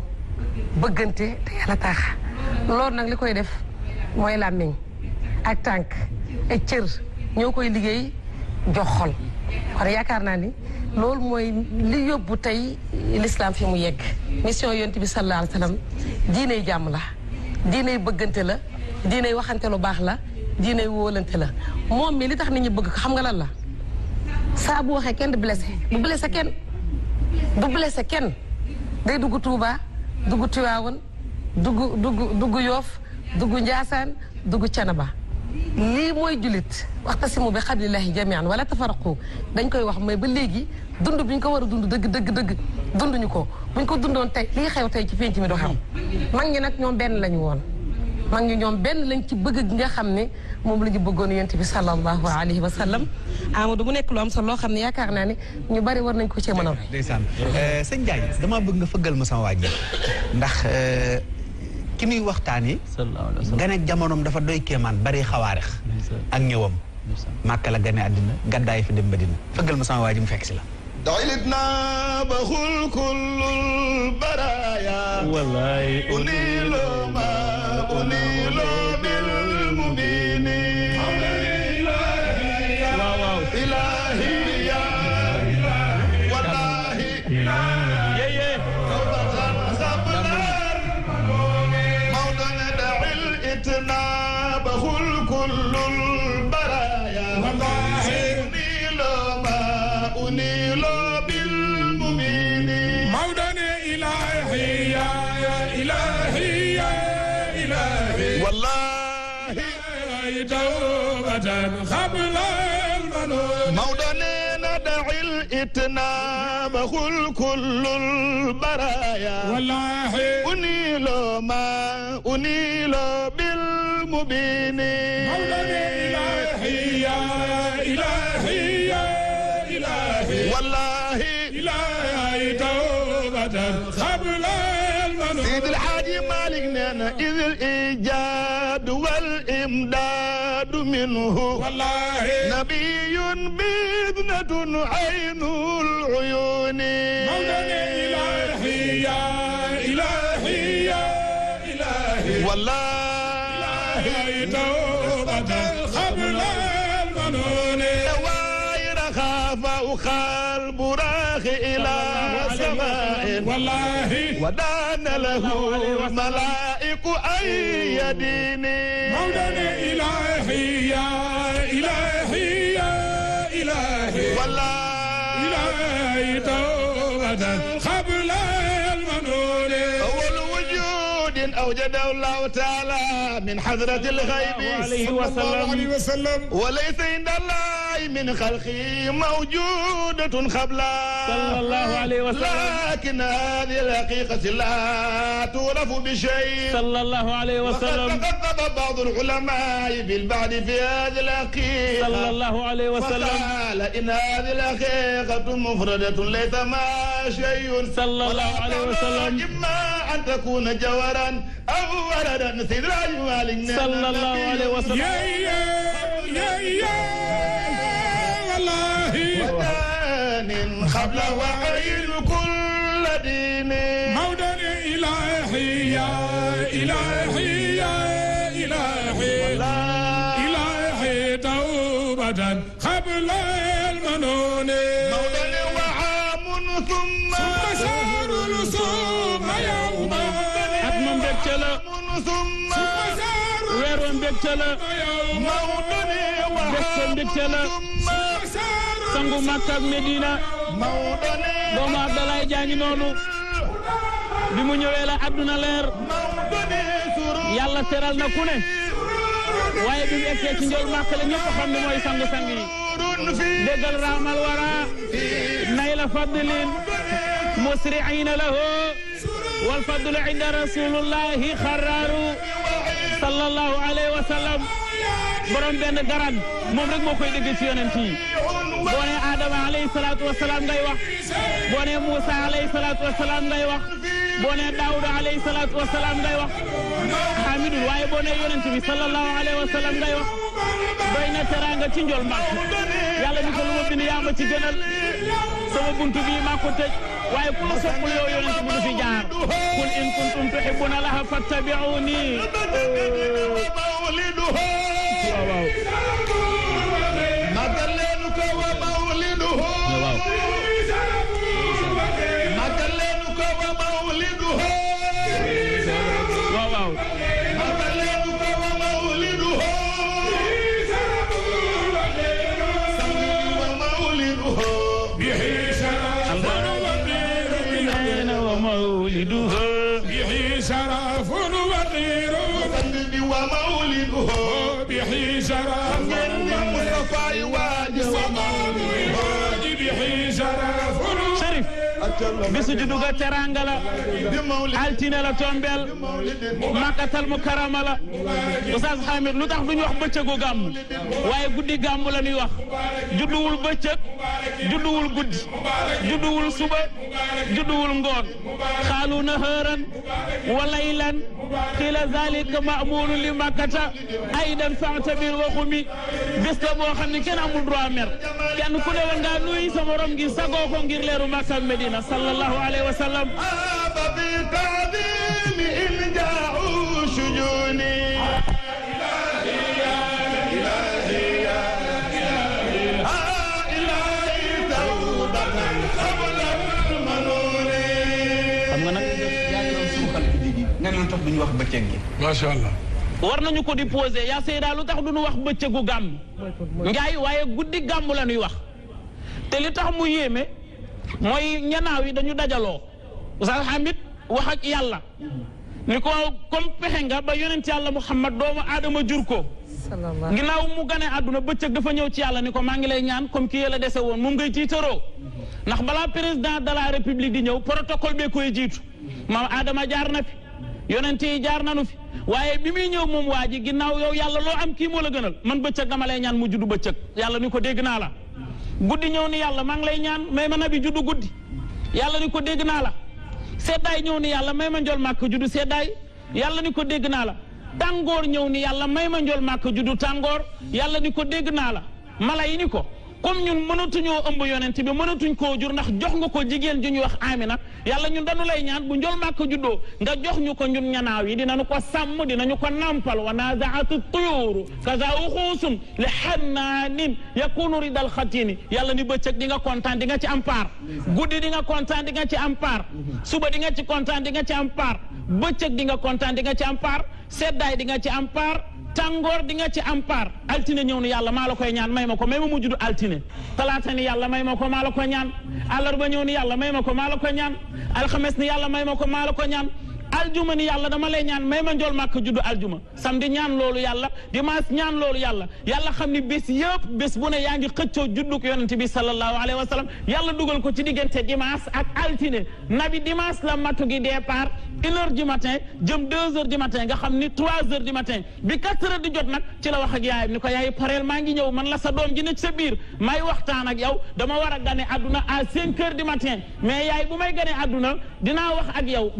bëggante te yàlla tax loolu nag li koy def mooy làmmiñ ak tànk ak cër ñoo koy liggéey jox kon yaakaar naa ni loolu mooy li yóbbu tey l'islam fi mu yegg mission yont bi sallallahu alayhi wa jàmm la diiney bëggante la diiney waxante lu baax la diiney wóolante la moom mi li tax ni ñu bëgg ko xam nga lan la saa bu waxee kenn du blessé bu blessé kenn du blessé kenn day dugg Touba dugg Tiwaawan dugg dugg dugg Yoof dugg Njaasaan dugg Canaba lii mooy jullit waxtasimu bi xablillahi jamian wala tafaraqu dañ koy wax mais ba léegi dund bi ñu ko war a dund dëgg dëgg dëgg dunduñu ko buñ ko dundoon tey li xew tey ci penc mi du xam mag ñi nag ñoom benn lañu woon man ñi ñoom benn lañ ci bëgg gi nga xam ne moom la ñu bëggoon yonent bi sallallahu alayhi wa sallam Amadou mu nekk lu am solo loo xam ne yaakaar naa ne ñu bari war nañ ko cee mën a roy ndeysaan eh, sëñ Ndiaye damaa bëgg nga fëggal ma sama waaj ndax eh, ki nuy waxtaanee. nga ne jamonoom dafa doy kéemaan bari xawaarix ak ñëwam. màkk la gane àddina gàddaay fi dem Madina fëggal ma sama waa ji mu fekk si la. doylit naa ba xul kullul baraaya. wallaay uniiloo ma uniiloo bil Maodo nee na daxil itnaamahul kullul baraaya wallaahi uniloo ma uniloo bil mubiini Maodo nee ilaahi yaa ilaahi yaa ilaahi wallaahi ilaahi tawbatan qablal manuun Seydi El Hadji Malick nee na idil ijaad wal imdaad منه والله نبي بذنة عين العيون مولانا إلهي يا إلهي يا إلهي والله توبة قبل المنون دوائر خاف أخال براخ إلى سماء والله ودان له الملائكة أن يديني مولانا إلهي يا إلهي يا إلهي والله إلهي توبة قبل المنون أول وجود أوجده الله تعالى من حضرة الغيب صلى الله عليه وسلم وليس عند الله من خلقي موجودة قبلا صلى الله عليه وسلم لكن هذه الحقيقة لا تعرف بشيء صلى الله عليه وسلم وقد تقطب بعض العلماء بالبعد في هذه الحقيقة صلى الله عليه وسلم وقال إن هذه الحقيقة مفردة ليس ما شيء صلى الله عليه وسلم إما أن تكون جوارا أو وردا سدرا صلى الله عليه وسلم yeah, yeah, yeah, yeah. قبل وعي كل دين مودا إلهي يا إلهي يا إلهي إلهي توبة قبل المنون مودا وعام ثم سار الصوم يوما أتمم بكتلا ثم سار ويرون بكتلا مودا وعام ثم sangu Makka ak Medina doomu Abdoulaye Dia noonu bi mu ñëwee la adduna leer yàlla teral na ku ne waaye bi mu eggee ci njool Makka la ñëpp xam ne mooy sangu sang yi déggal raamal wara nayla fadlin musriina lahu wal fadlu inda rasulillahi xaraaru sallallahu alayhi wa borom benn daram moom rek moo koy dégg ci yonent yi boo nee Adama alayhi salaatu wasalaam ngay wax boo nee Moussa alayhi salaatu wasalaam ngay wax boo nee Daawuda alayhi salaatu wasalaam ngay wax xamidul waaye boo nee yonent bi sallallahu alayhi wa sallam ngay wax doy na teraanga ci njol mbàkk yàlla ni ko lu ma bind ci gënal sama buntu bii maa ko tëj waaye ku la soppul yow yonent bi du fi jaar in kuntum tuhibbuna laha fattabi'uni Thank you. bisu juddu a teranga la altine la tombeel makkatal mu karama la oustaz Hamid lu tax duñu wax bëccëgu gàmm waaye guddi gàmm la ñuy wax judduwul bëccëg judduwul guddi judduwul suba judduwul ngoon xaalu na hëran wa laylan xiila zalika maamulu li makkata aydan fantabir waxumi bés la boo xam ne kenn amul droit mer kenn ku ne war ngaa morom ngir sagoo ko ngir leeru makkak Medina sala sallallahu alayhi wa sallam nga ne lu tax duñu wax bëccëg gi. macha allah. war nañu ko di posé yaa Seyda lu tax duñu wax bëccëgu gàmm. njaay waaye guddi gàmm la wax. te li tax mu yéeme. mooy ñanaaw yi dañu dajaloo Oustaz Hamid wax ak yàlla ni ko comme pexe nga ba yonent yàlla Muhammad doomu aadama jur ko ginnaaw mu gane àdduna bëccëg dafa ñëw ci yàlla ni ko maa ngi lay ñaan comme ki yàlla dese woon moom ngay tiitaroo ndax balaa président de la république di ñëw protocole bee koy jiitu ma adama jaar na fi yonent yi jaar nanu fi waaye bi muy ñëw moom waa ji ginnaaw yow yàlla loo am kii moo la gënal man bëccëg dama lay ñaan mu juddu bëccëg yàlla ni ko dégg naa la guddi ñëw ni yàlla maa lay ñaan may ma nabi juddu guddi yàlla ni ko dégg naa la seddaay ñëw ni yàlla may ma njol màkk juddu seddaay yàlla ni ko dégg naa la tàngoor ñëw ni yàlla may ma njol màkk juddu tàngoor yàlla ni ko dégg naa la mala yi ni ko comme ñun mënatuñoo ëmb yonent bi mënatuñ koo jur ndax jox nga ko jigéen ju ñuy wax Amina yàlla ñun dañu lay ñaan bu njol màkk juddoo nga jox ñu ko ñun ñanaaw yi dinañu ko sàmm dinañu ko nàmpal wa nazaatu tuyuuru kaza uxuusun li xannaanin yakunu ridal xatini yàlla ni bëccëg di nga kontaan di nga ci am paar guddi di nga kontaan di nga ci am paar suba di nga ci kontaan di nga ci am paar bëccëg di nga kontaan di nga ci am paar seddaay di nga ci am paar tàngoor di nga ci am paar altine ñëw na yàlla maa la koy ñaan may ma ko may ma mu judd altine talaata ni yàlla may ma ko maa la koy ñaan àllarba ñëw ni yàlla may ma ko maa la koy ñaan alxames ni yàlla may ma ko maa la koy ñaan aljuma ni yàlla dama lay ñaan may ma njool màkk juddu aljuma samedi ñaan loolu yàlla dimanche ñaan loolu yàlla yàlla xam ni bés yëpp bés bu ne yaa ngi xëccoo judduk yonent bi sallallahu alayhi wa sallam yàlla dugal ko ci di diggante dimanche ak altine nabi dimanche la matu gi départ une heure du matin jëm deux heures du matin nga xam ni trois heures du matin bi quatre di jot nag ci la wax ak yaayam ni ko yaay pareel maa ngi ñëw man la sa doom ji ne ci sa biir may waxtaan ak yow dama war a gane àdduna à cinq heures du matin mais yaay bu may gane dinaa wax ak yow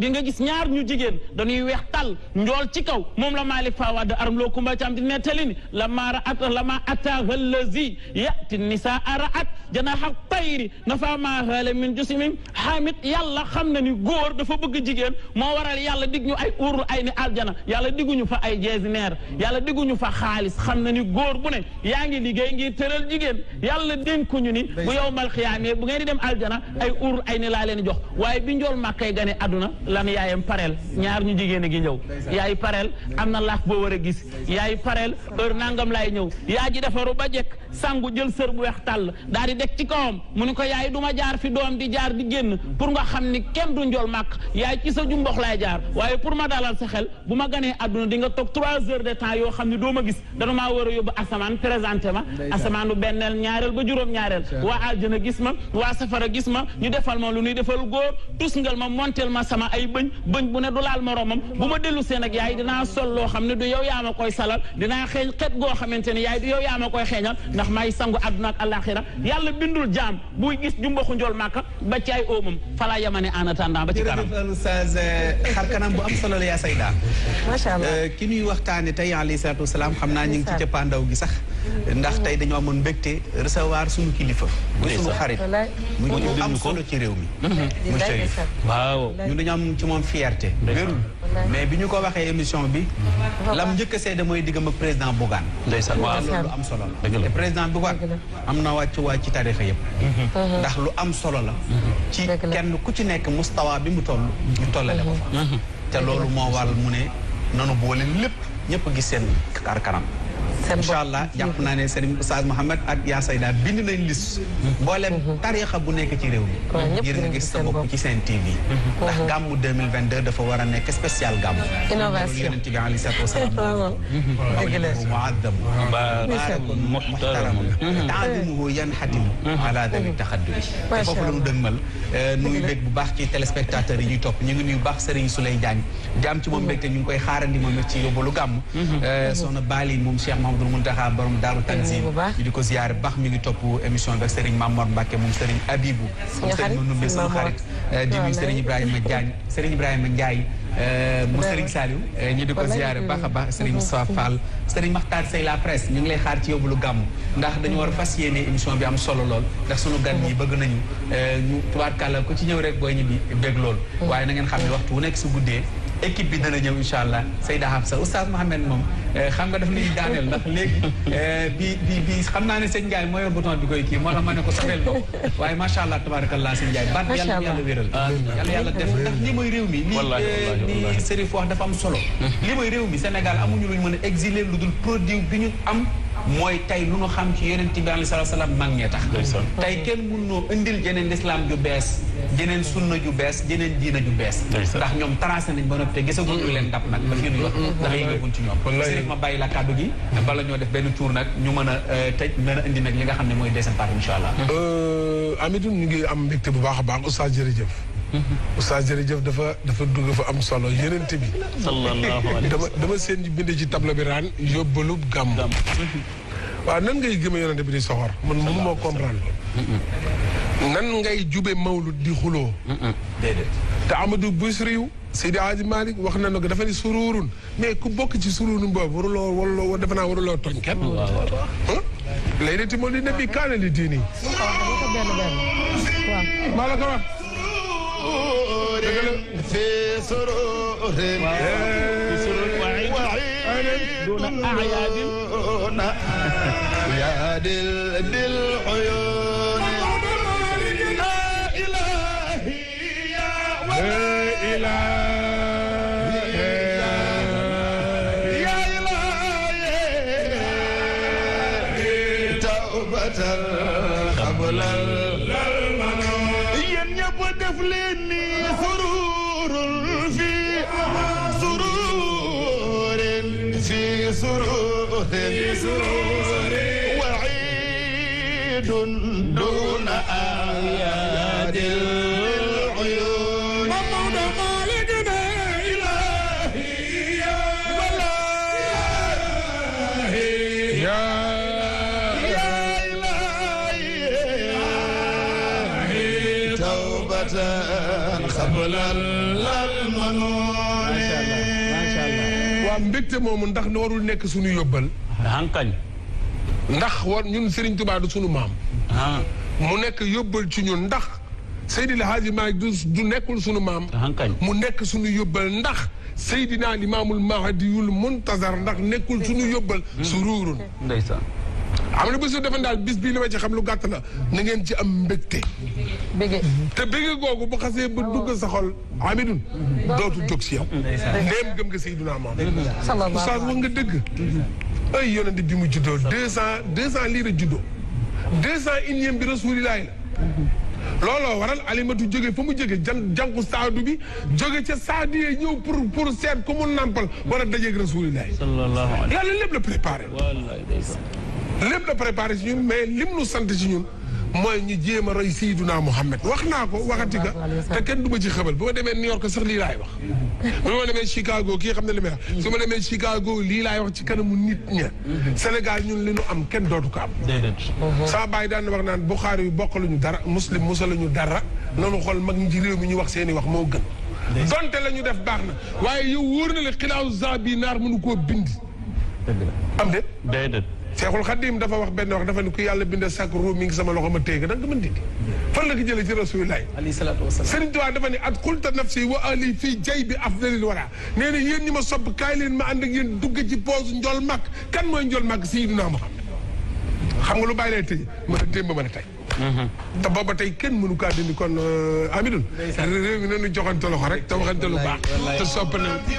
jigéen dañuy weex tal njool ci kaw moom la Malick Fawad aram loo kumba cam di nettali ni la maara at la ma ataaha lazi yati nisa ara at janaha tayri nafa ma haale min jusimin hamid yalla xam na ni góor dafa bëgg jigéen moo waral yàlla dig ñu ay urul ay ni aljana yàlla digguñu fa ay jeesineer yàlla ñu fa xaalis xam na ni góor bu ne yaa ngi liggéey ngir tëral jigéen yàlla ñu ni bu yowmal xiyaamee bu ngeen dem aljana ay urul ay ni laa leen jox waaye bi njool màkkay gane aduna lan pareel ñaar ñu jigéen gi ngi ñëw yaay pareel am na laaf boo war a gis yaay pareel heure nangam laay ñëw yaa ji defaru ba jekk sangu jël sër bu weex tàll daal di dekk ci kawam mu ni ko yaay du ma jaar fi doom di jaar di génn pour nga xam ni kenn du njool màkk yaay ci sa jumbox laay jaar waaye pour ma dalal sa xel bu ma ganee àdduna di nga toog trois heures de temps yoo xam ne doo ma gis dana maa war a yóbbu asamaan présenté ma asamaanu benneel ñaareel ba juróom ñaareel waa aljana gis ma waa safara gis ma ñu defal ma lu ñuy defal góor tusngal ma monteel ma sama ay bëñ bëñ bu ne du laal moromam bu ma dellu seen yaay dinaa sol loo xam ne du yow yaa ma koy salal dina xeeñ xet goo xamante ne yaay du yow yaa ma koy xeeñal ndax maay sangu àdduna ak alaxira yàlla bindul jaam buy gis jumbaxu njool màkka ba ci ay oomam falaa yamane en attendant ba ci kanam eh, xar kanam bu am solo la yaa sayda macha allah eh, ki ñuy waxtaane tey alayhi salaatu wasalaam xam naa ñu ngi ci cëppaandaw gi sax ndax tey dañoo amoon mbégte recevoir suñu kilifa. muy suñu xarit muy ñu am solo ci réew mi. muy Chérif waaw ñun dañoo am ci mais bi ñu ko waxee émission bi. lam njëkk a seede mooy diggam ak président Bougane. ndeysaan waaw loolu am solo la. te président Bougane am na wàcc waa ci tarixa yëpp. Uh-huh. ndax lu am solo la. Uh-huh. ci kenn ku ci nekk mustawa bi mu toll. ñu tollale ko fa. Uh-huh. te loolu moo waral mu ne nanu boole lépp ñëpp gis seen kar kanam incha allah jàpp naa ne sëriñ Oustaz Mouhamed ak yaa sayda bind nañ liste mmh. mboolem mmh. tariixa bu nekk ci réew mi mmh. ngir nga gis sa bopp ci seen TV ndax gàmmu 2022 dafa war a nekk spécial gàmmu innovation yonent bi alayhi salaatu wasalaam ah, muaddamu barakun muxtaramun taalimuhu yanxatimu ala dawi taxaddumi foofu la ñu dëgmal euh, nuy bég bu baax ci téléspectateurs yi ñuy topp ñu ngi nuyu baax sëriñ Souley Diagne jaam ci moom mbégte ñu ngi koy xaarandi moom ci yóbbalu gàmm euh, soxna Bali moom Cheikh Mouhamadou Mountakha borom Daaru Tanzil ñu di ko ziyaare baax mi ngi topp émission bi ak Serigne Mamour Mbacke moom Serigne Abibou moom Serigne di nuyu Serigne Ibrahima Diagne Serigne Ibrahima Ndiaye euh, mu Serigne Saliou euh, a baax la presse ñu ngi lay xaar ci yóbbu lu gàmm ndax dañu war a fas yéene émission bi am solo lool ndax sunu gan yi bëgg nañu euh, ñu tubaat kàlla ko ci ñëw rek booy ñibbi bég lool mm. waaye na xam ne waxtu wu nekk su guddee équipe bi dana ñëw incha allah Seyda Hafsa oustaz Mohamed moom eh, xam nga daf ni daaneel ndax léegi eh, bi bi bi xam naa ni sëñ Ndiaye moo yor bi koy kii moo tax ma ne ko safeel ko waaye macha allah tabarakallah sëñ Ndiaye baat yàlla yàlla wéral yàlla yàlla def ndax li mooy réew mi li eh, li Serif wax dafa am solo mm-hmm. li mooy réew mi Sénégal amuñu luñ mën a exiler lu dul produit bi ñu am mooy tey lu nu xam ci yonent bi alayhi salaatu salaam mag ñee tax tey kenn mun noo indil jeneen lislaam ju bees jeneen sunna ju bees jeneen diina ju bees ndax ñoom tracé nañ ba noppi te gisaguñ leen dab nag ba fii nu yor ndax yëngaguñ ci ñoom ma bàyyi la kàddu gi bala ñoo def benn tour nag ñu mën a euh, tëj mën indi nag li nga xam ne mooy deuxième part incha allah euh, Amidou ñu am mbégte bu baax a baax oustaz jërëjëf sa jërëjëf dafa dafa dugg fa am solo yonent bi. dama dama seen bind ci tableau bi raan yóbbalub gàmm. waaw nan ngay gëmee yonent bi di soxor man mënu moo comprendre. nan ngay jube mawlud di xuloo. déedéet te Amadou Busriw Seydi Hadji Malick wax na ko dafa ni sururun mais ku bokk ci sururun boobu waruloo waruloo defe naa waruloo tooñ kenn. léegi nag li nabi kaana li diini. maa la ko wax. في سرور في سرور وعيد دون أعياد يا دل دل عيون يا إلهي يا إلهي maanaam mbégte moomu ndax warul nekk suñu yóbbal. kañ. ndax war ñun Serigne Touba du sunu maam. Ah. mu nekk yóbbal ci ñun ndax Seydil Hadji Malick du nekkul sunu maam. mu nekk sunu yóbbal ndax. Seydina Limaamul Mahdiyul Muntazar ndax nekkul sunu yóbbal. Hmm. su ruurun ndeysaan. am na bésu defe daal bis bii li ma ci xam lu gàtt la na ngeen ci am mbégte. te bégg googu bu xasee ba dugg sa xol amidun dootu jóg si yow. ndéem gëm nga Seydina Muhammad. oustaz wax nga dëgg. ay yonent bi mu juddoo deux cent deux cent lii la juddoo. deux cent unième bi rasulilaay la. looloo waral alimatu jóge fa mu jóge jan jànku saadu bi jóge ca saadu yee ñëw pour pour seet ku mu nàmpal war a dajeeg rasulilaay. yàlla lépp la préparé. lépp na préparé si ñun mais lim nu sant si ñun mooy ñu jéem a roy Seydina Muhammad wax naa ko waxati ka te kenn du ma ci xëbal bu ma demee New York sax lii laay wax bu ma demee Chicago kii xam ne li may wax su ma demee Chicago lii laay wax ci kanamu nit ña Sénégal ñun li nu am kenn dootu ko am mhm. sama bàyyi daan na wax naan Buxaari yu bokkaluñu dara muslim musaluñu dara nanu xool mag ñi ci réew mi ñu wax seeni wax moo gën donte la ñu def baax na waaye yow wóor na le xilaaw za bi naar mënu koo bind am de seexul xadim dafa wax benn wax dafa ni ku yàlla bindee sàkk ruu mi sama loxo ma téye da nga ko mën dindi fan la ko jëlee ci rasulilah alayhi salaatu wasalaam sëriñ Tuubaa dafa ni at xulta nafsi wa ahli fii jay bi afdalil wara nee na ñi ma sopp kaay leen ma ànd ak yéen dugg ci poos njol mag kan mooy njol mag Sayyidina Muhammad xam nga lu bàyyi lay tëj mën a démb mën a tey mhm. te booba tey kenn mënu kaa dindi kon euh, amidun réew mi nañu joxante loxo rek te waxante lu baax te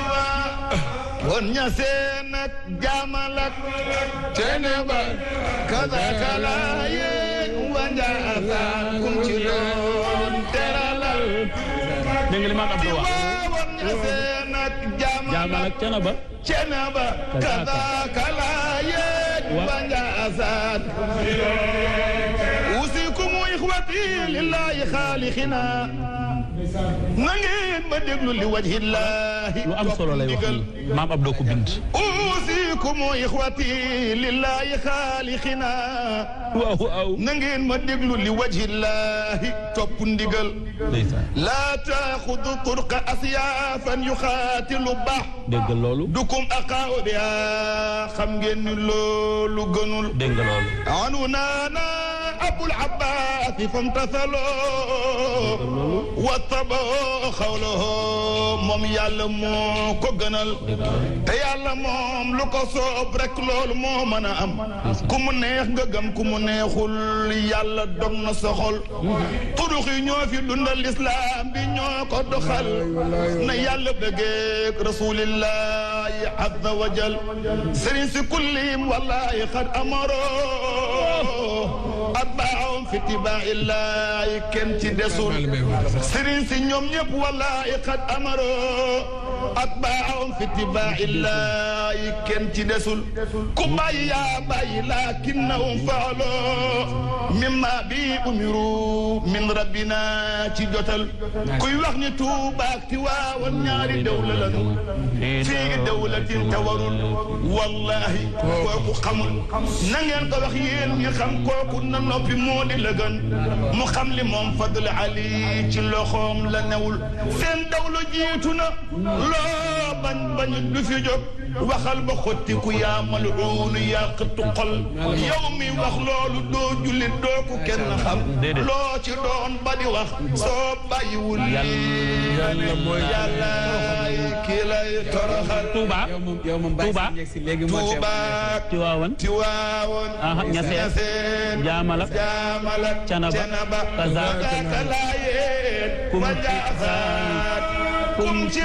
won ña seen ak jaamal ak teene ba ci doon teralal dégg nga won ña seen ak jaamal ak teene ba teene ixwati lillahi xaalixina na ma déglu li wajhillaahi lu am solo lay wax ni maam Abdou ko bind uusikum ixwati lillaahi xaalixina waaw waaw na ngeen ma déglu li wajhillaahi topp ndigal laa taaxudu dukum aqaaw bi xam ngeen ni loolu gënul dégg anu naana abul abbaasi famtasaloo wattaba'u xawlahu moom yàlla moo ko gënal te yàlla moom lu ko soob rek loolu moo a am ku mu neex nga gëm ku mu neexul yàlla dog na sa xol turux yi ñoo fi lislaam bi ñoo ko doxal na yàlla bëggeek rasulillahi azza wa jal sëriñ si kullim xad amaro atbaahum fi tibaa'i llaahi kenn ci desul sëriñ si ñoom ñëpp wallaahi qad amaroo atbaahum fi itibaa'i llaahi kenn ci desul ku bàyyi yaa bàyyi laakinnahum faaloo mimma bi umiru min rabbina ci jotal kuy wax ni tuubaak ti waawan ñaari dawla lanu fii dawlatin tawarul wallahi kooku xamul na ngeen ko wax yéen ñi xam kooku na noppi moo di lëgën mu xam li moom fadl ali ci loxoom la newul seen dawla jiitu na loo bañ bañ du fi jóg waxal ba xottiku yaa malhuunu yaa xëttu xol yow mi wax loolu doo jullit doo ko kenn xam loo ci doon ba di wax soo bàyyiwul yàlla mooy yàlla kii lay toroxal tuuba tuuba tuuba tiwaawan tiwaawan ñaseen jaamala jaamala canaba canaba kazaat kum ci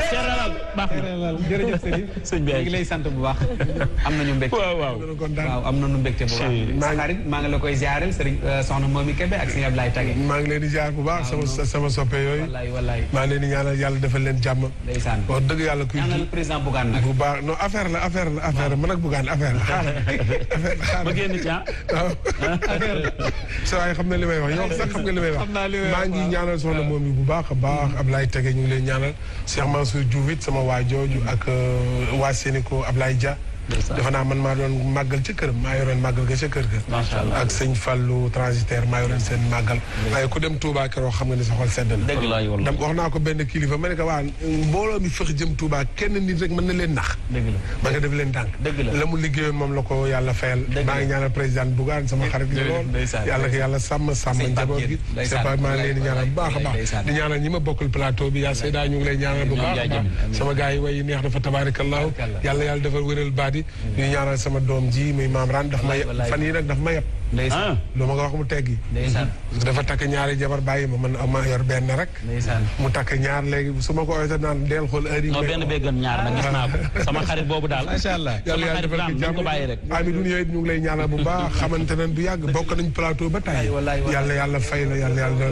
teralal baax na jërëjëf Serigne (laughs) sëñ bi ngi lay sant bu baax am nañu mbégte waaw waaw am nañu mbégte maa ngi la koy ziarel Serigne euh, soxna Momi Kébé ak Serigne Ablaye Tagé maa ngi leen di ziar bu baax sama sama soppe yooyu maa ngi leen di ñaanal yàlla defal leen jàmm ndeysaan wax dëgg yàlla kuy ñaanal président Bougane nag bu baax non affaire la affaire la affaire man ak Bougane affaire la (laughs) affaire ba génn ci ah. waaw affaire la sa waay xam na li may wax yow sax xam ngi ñaanal soxna Momi bu baax a baax mm-hmm. Ablaye Tagé ñu ngi leen ñaanal Cheikh Mansour Diouf it sama euh, waa jooju ak waa Sénégal Ablaye Dia. defe naa man maa doon màggal ca këram maa yoroon kër ak sëñ Fallou transitaire maa yoroon seen màggal waaye ku dem Touba keroo xam nga ne sa xol sedd na na leen nax ma nga def leen tànk la mu liggéeyoon moom la ko yàlla fayal maa ngi ñaanal président Bougane sama xarit la lool yàlla ko yàlla sàmm sàmm njaboot gi c'est maa leen ñaanal bu baax a baax di ñaanal ñi ma bokkul plateau bi a yàlla yàlla dafa wéral baat di ñuy ñaanal sama doom ji muy maam ran daf ma fan yi nag daf ma yeb ndeysaan ah. lu ma ko wax mu teggi ndeysaan dafa takk ñaari jabar bàyyi ma man ma yor benn rek ndeysaan mu takk ñaar léegi su ma ko oyte naan deel xool heure yi non benn (laughs) daal macha allah sama xarit daal nañ ko bàyyi rek ami dun yooyu ñu ngi lay ñaanal bu baax (laughs) xamante nañ du yàlla yàlla fay la yàlla yàlla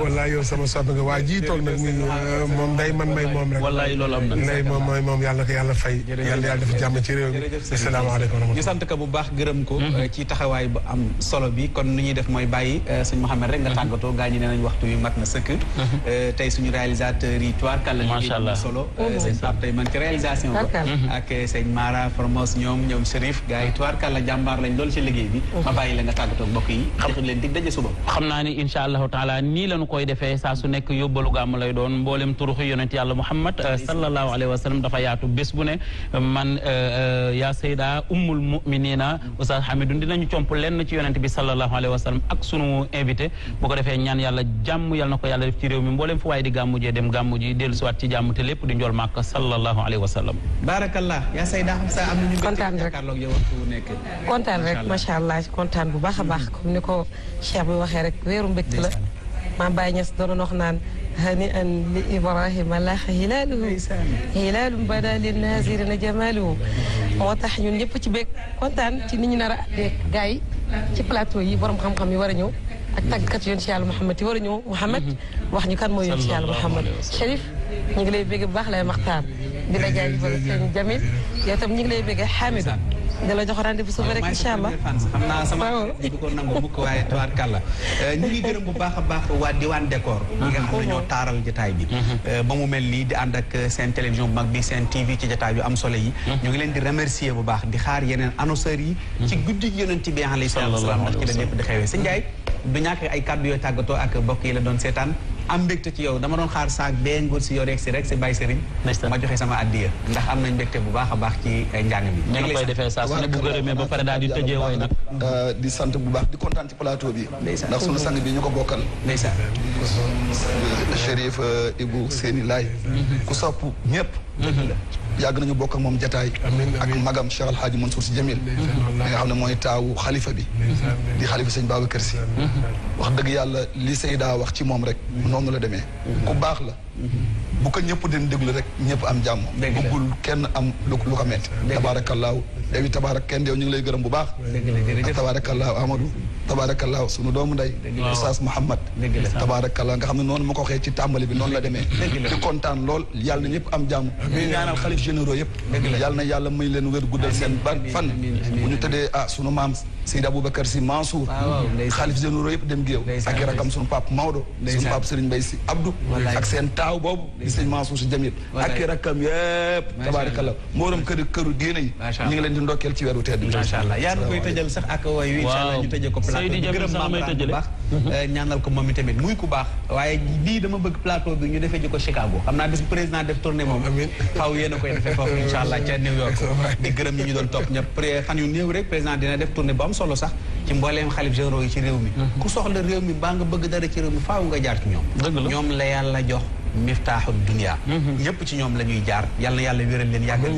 wallaay yow sama sopp nga waa jii toog nag euh, moom day man may moom rek wallaay loolu am na nday moom mooy moom yàlla ko yàlla fay yàlla yàlla def jàmm ci réew mi asalaamaaleykum ñu sant ko bu baax gërëm ko hmm. euh, ci taxawaay bu am solo bi kon nu ñuy def mooy bàyyi euh, suñu Mouhamed rek nga mhm. tàggatoo gaa ñi nee nañ waxtu wi mat na sëkk mhm. euh, tey suñu réalisateur yi tuwaar kàlla liggéey bu solo oh, euh, sëñ ba mhm. ak sëñ Mara Formos ñoom ñoom Chérif gaa yi tuwaar kàlla lañ lool ci liggéey bi ma bàyyi la nga tàggatoo mbokk yi jox leen dig daje suba xam naa ni insha allahu taala nii lañu koy defee saa su nekk yóbbalu gàmm lay doon mboolem turuxu yonent yàlla Muhammad sallallahu alayhi wa dafa yaatu bés bu ne man yaa lenn ci yonent bi sallallahu alayhi wa sallam ak sunu invité bu ko defee ñaan yàlla jàmm yàlla ko yàlla def ci réew mi mbooleem fu waaye di gàmmu dem gàmmu ji dellu ci jàmm te lépp di njool màkk sallallahu alayhi wa sallam kontaan bu baax a baax mm-hmm. comme ni ko cheikh bi waxee rek weeru mbégte la maa bàyyi ñes doon wax naan هنيئا لإبراهيم لاح هلاله هلال بدا للناظرين جماله moo tax ñun ñëpp ci beeg kontaan ci ni ñu nar a àndee gars yi ci plateau yi borom xam-xam yi war a ñëw ak tàggkat yoon ci yàlla Mouhamed yi war a ñëw Mouhamed wax ñu kan mooy yoon ci yàlla Mouhamed Chérif ñu ngi lay bégg bu baax lay maxtaar di la jaajëfal seen Jamil yow tam ñu ngi lay bégg Hamidou di la jox rendez-vous suba xam naa sama du ko nangu mukk waaye tuwaar kàlla euh, ñu ngi gërëm bu baax a baax waa diwaan décor ñi nga xam ne ñoo taaral jataay bi mhm. euh, ba mu mel nii di ànd ak euh, seen télévision bu mag bi seen TV ci jataay yu am solo yi mhm. ñu ngi leen di remercier bu baax di xaar yeneen annonceurs yi mhm. ci guddi yonent bi alayhi salaatu wa salaam ndax ci la lépp di xewee sëñ Ndiaye du ñàkk ay kàddu yooyu tàggatoo ak bokk yi la doon seetaan am mbégte ci yow dama doon xaar saak bee ngóor si yow rek si rek si Baye Serigne ma joxe sama addiya ndax am nañ mbégte bu baax a baax ci eh, njàng bi ñu ngi defee saa su ne bu gërëmee ba pare daal di tëjee woy nag euh, di sant bu baax di kontaan ci plateau bi ndax sunu sang bi ñu ko bokkal ndeysaan Chérif euh, Ibou Séni Laay mm-hmm. ku sopp ñëpp mm-hmm. yàgg nañu bokk ak moom jataay ak magam Cheikh Al Hadji Mansour Sy Jamil da nga xam ne mooy taawu xalifa bi di xalifa sëñ Babacar Sy wax dëgg yàlla li Seyda wax ci moom rek noonu la demee ku baax la bu ko ñëpp den déglu rek ñëpp am jàmm bëggul kenn am lu lu ko metti tabaarakallaahu yow it tabaarak kenn yow ñu ngi lay gërëm bu baax tabaarakallaahu Amadou tabaarakallaahu sunu doomu ndey Oustaz Mouhamad tabaarakallaahu nga xam ne noonu ma ko waxee ci tàmbali bi noonu la demee di kontaan lool yàlla na ñëpp am jàmm ñu ñaanal xalif généraux yëpp yàlla na yàlla may leen wér guddal seen ban fan bu ñu tëddee ah sunu maam Seyd Aboubacar si Mansour ah, xaalif généraux yëpp dem géew ak i rakam suñu pap Maodo suñu pap Serigne Mbaye si Abdou ak seen taaw boobu di sëñ si Jamil ak i rakam yëpp tabaarakallah mbooram këru këru diine yi ñu ngi leen di ndokkeel ci weeru tedd bi ñu tëjee ko plateau gërëm maam mhm. eh, ko moom i muy ku baax waaye lii dama bëgg plateau bi ñu defee ji ko Chicago xam naa bis président def tournée moom xaw yéen a koy defee foofu incha allah ca New York (laughs) di gërëm ñu doon am solo sax ci mbooleem xalif généraux yi ci réew mi mhm. ku soxla réew mi baa nga bëgg dara ci réew mi faaw nga jaar ci ñoom ñoom la yàlla jox miftaaxu dunia mhm. ñëpp ci ñoom la ñuy jaar yal na yàlla wéral leen yàggal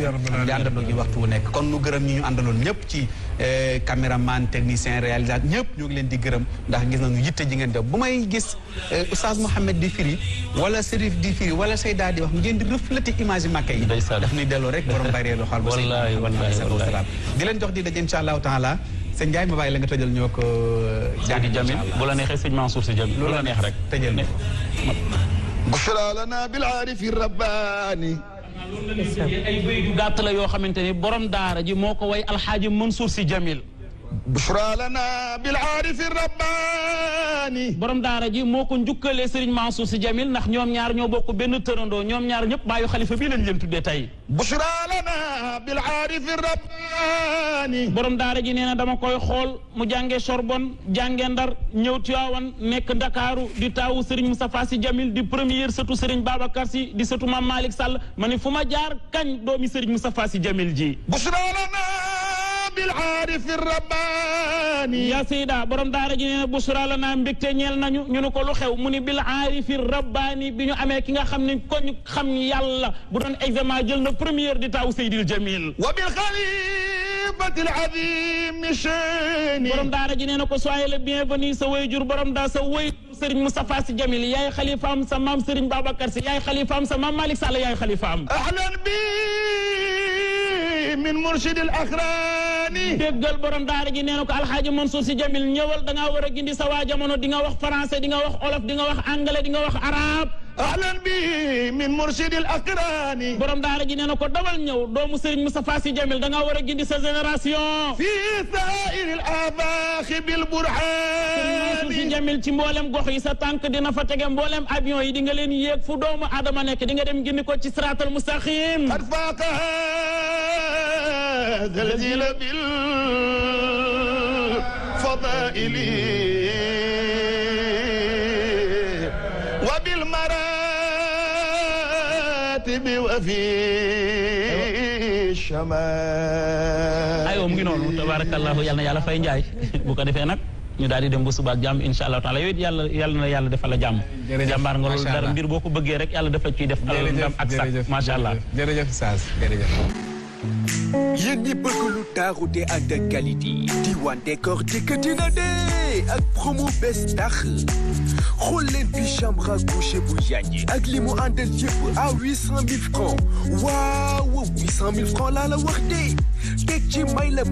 di àndandoo ñu waxtu wu nekk kon nu gërëm ñi ñu àndaloon ñëpp ci eh, caméraman technicien réalisateur ñëpp ñu ngi leen di gërëm ndax gis nañu yitte ji ngeen bu may gis eh, oustaz Mouhamed di firi wala Serif di firi wala Seyda di wax ngeen di refléter image sëñ Ndiaye ma bàyyi la nga tëjal ñoo ko. Euh, jaajëf jamin bu la neexee sëñ Mansour si jamin lu la neex rek tëjal ne. bushra lana bil aarifi rabbaani. ay béy yu gàtt la yoo xamante ni borom daara ji moo ko way alxaaji Mansour si jamil bushra lana bil aarifi rabbaani borom daara ji moo ko njukkalee Serigne Mansour Sy Djamil ndax ñoom ñaar ñoo ko benn tërandoo ñoom ñaar ñëpp baayu xalifa bii lañ leen tuddee tey bushra lana bil aarifi rabbaani borom daara ji nee na dama koy xool mu jàngee Sorbonne jàngee Ndar ñëw Tiwaawan nekk Ndakaaru di taawu Serigne Moustapha Sy Djamil di premier sëtu Serigne Babacar Sy di sëtu Mame Malick Sall ma ne fu ma jaar kañ doomi Serigne Moustapha Sy Djamil ji بالعارف الرباني يا سيدا borom daara ji nee na busra la naa mbégte ñeel nañu ñu ne ko lu xew mu ni bil aarifi rabbaani bi ñu amee ki nga xam ne koñ xam yàlla bu doon examen jël na première di taaw Seydil Jamil wa bil xalifatil azim cheni borom daara ji nee na ko soyez le bienvenu sa wayjur borom daa sa way Serigne Moustapha Sy Jamil yaay xalifaam sa maam Serigne Babacar Sy yaay xalifaam sa maam Malick Sall yaay xalifaam ahlan bi min mursidil akrani déggal borom daara ji nee na ko alxaaji Mansour si Jamil ñëwal da ngaa war a gindi sa waa jamono di nga wax français di nga wax olof di nga wax anglais di nga wax arabe ahlan bi min mursidil akrani borom daara ji nee na ko dawal ñëw doomu Serigne Moustapha Sy Jamil da ngaa war a gindi sa génération fi sairil abaxi bil burhani Sy Jamil ci mboolem gox yi sa tànk dina fa tege mboolem avion yi di nga leen yéeg fu doomu aadama nekk di nga dem gindi ko ci siraatal mustaqim xat faaka dalji la bil fadaili الكاتب وفي الشمال aywa mu ngi noonu tabarakallahu yal na yàlla fay njaay (laughs) bu ko defee nag ñu daal di dem bu suba ak jàmm insha allah taala yooyu yàlla yàlla na yàlla defal a jàmm jàmbaar nga loolu dara mbir boo ko bëggee rek yàlla dafa ciy def alal ndam ak sax macha allah jërëjëf Saas jërëjëf yéen ñi bëgg lu taaru te ànd ak qualité Diwane décor dikkati na de ak promo bees tax xool leen fi chambre à coucher bu yànji ak li mu àndal yëpp à huit francs waaw huit francs laa la wax de teg ci may la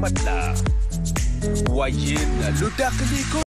lu dàq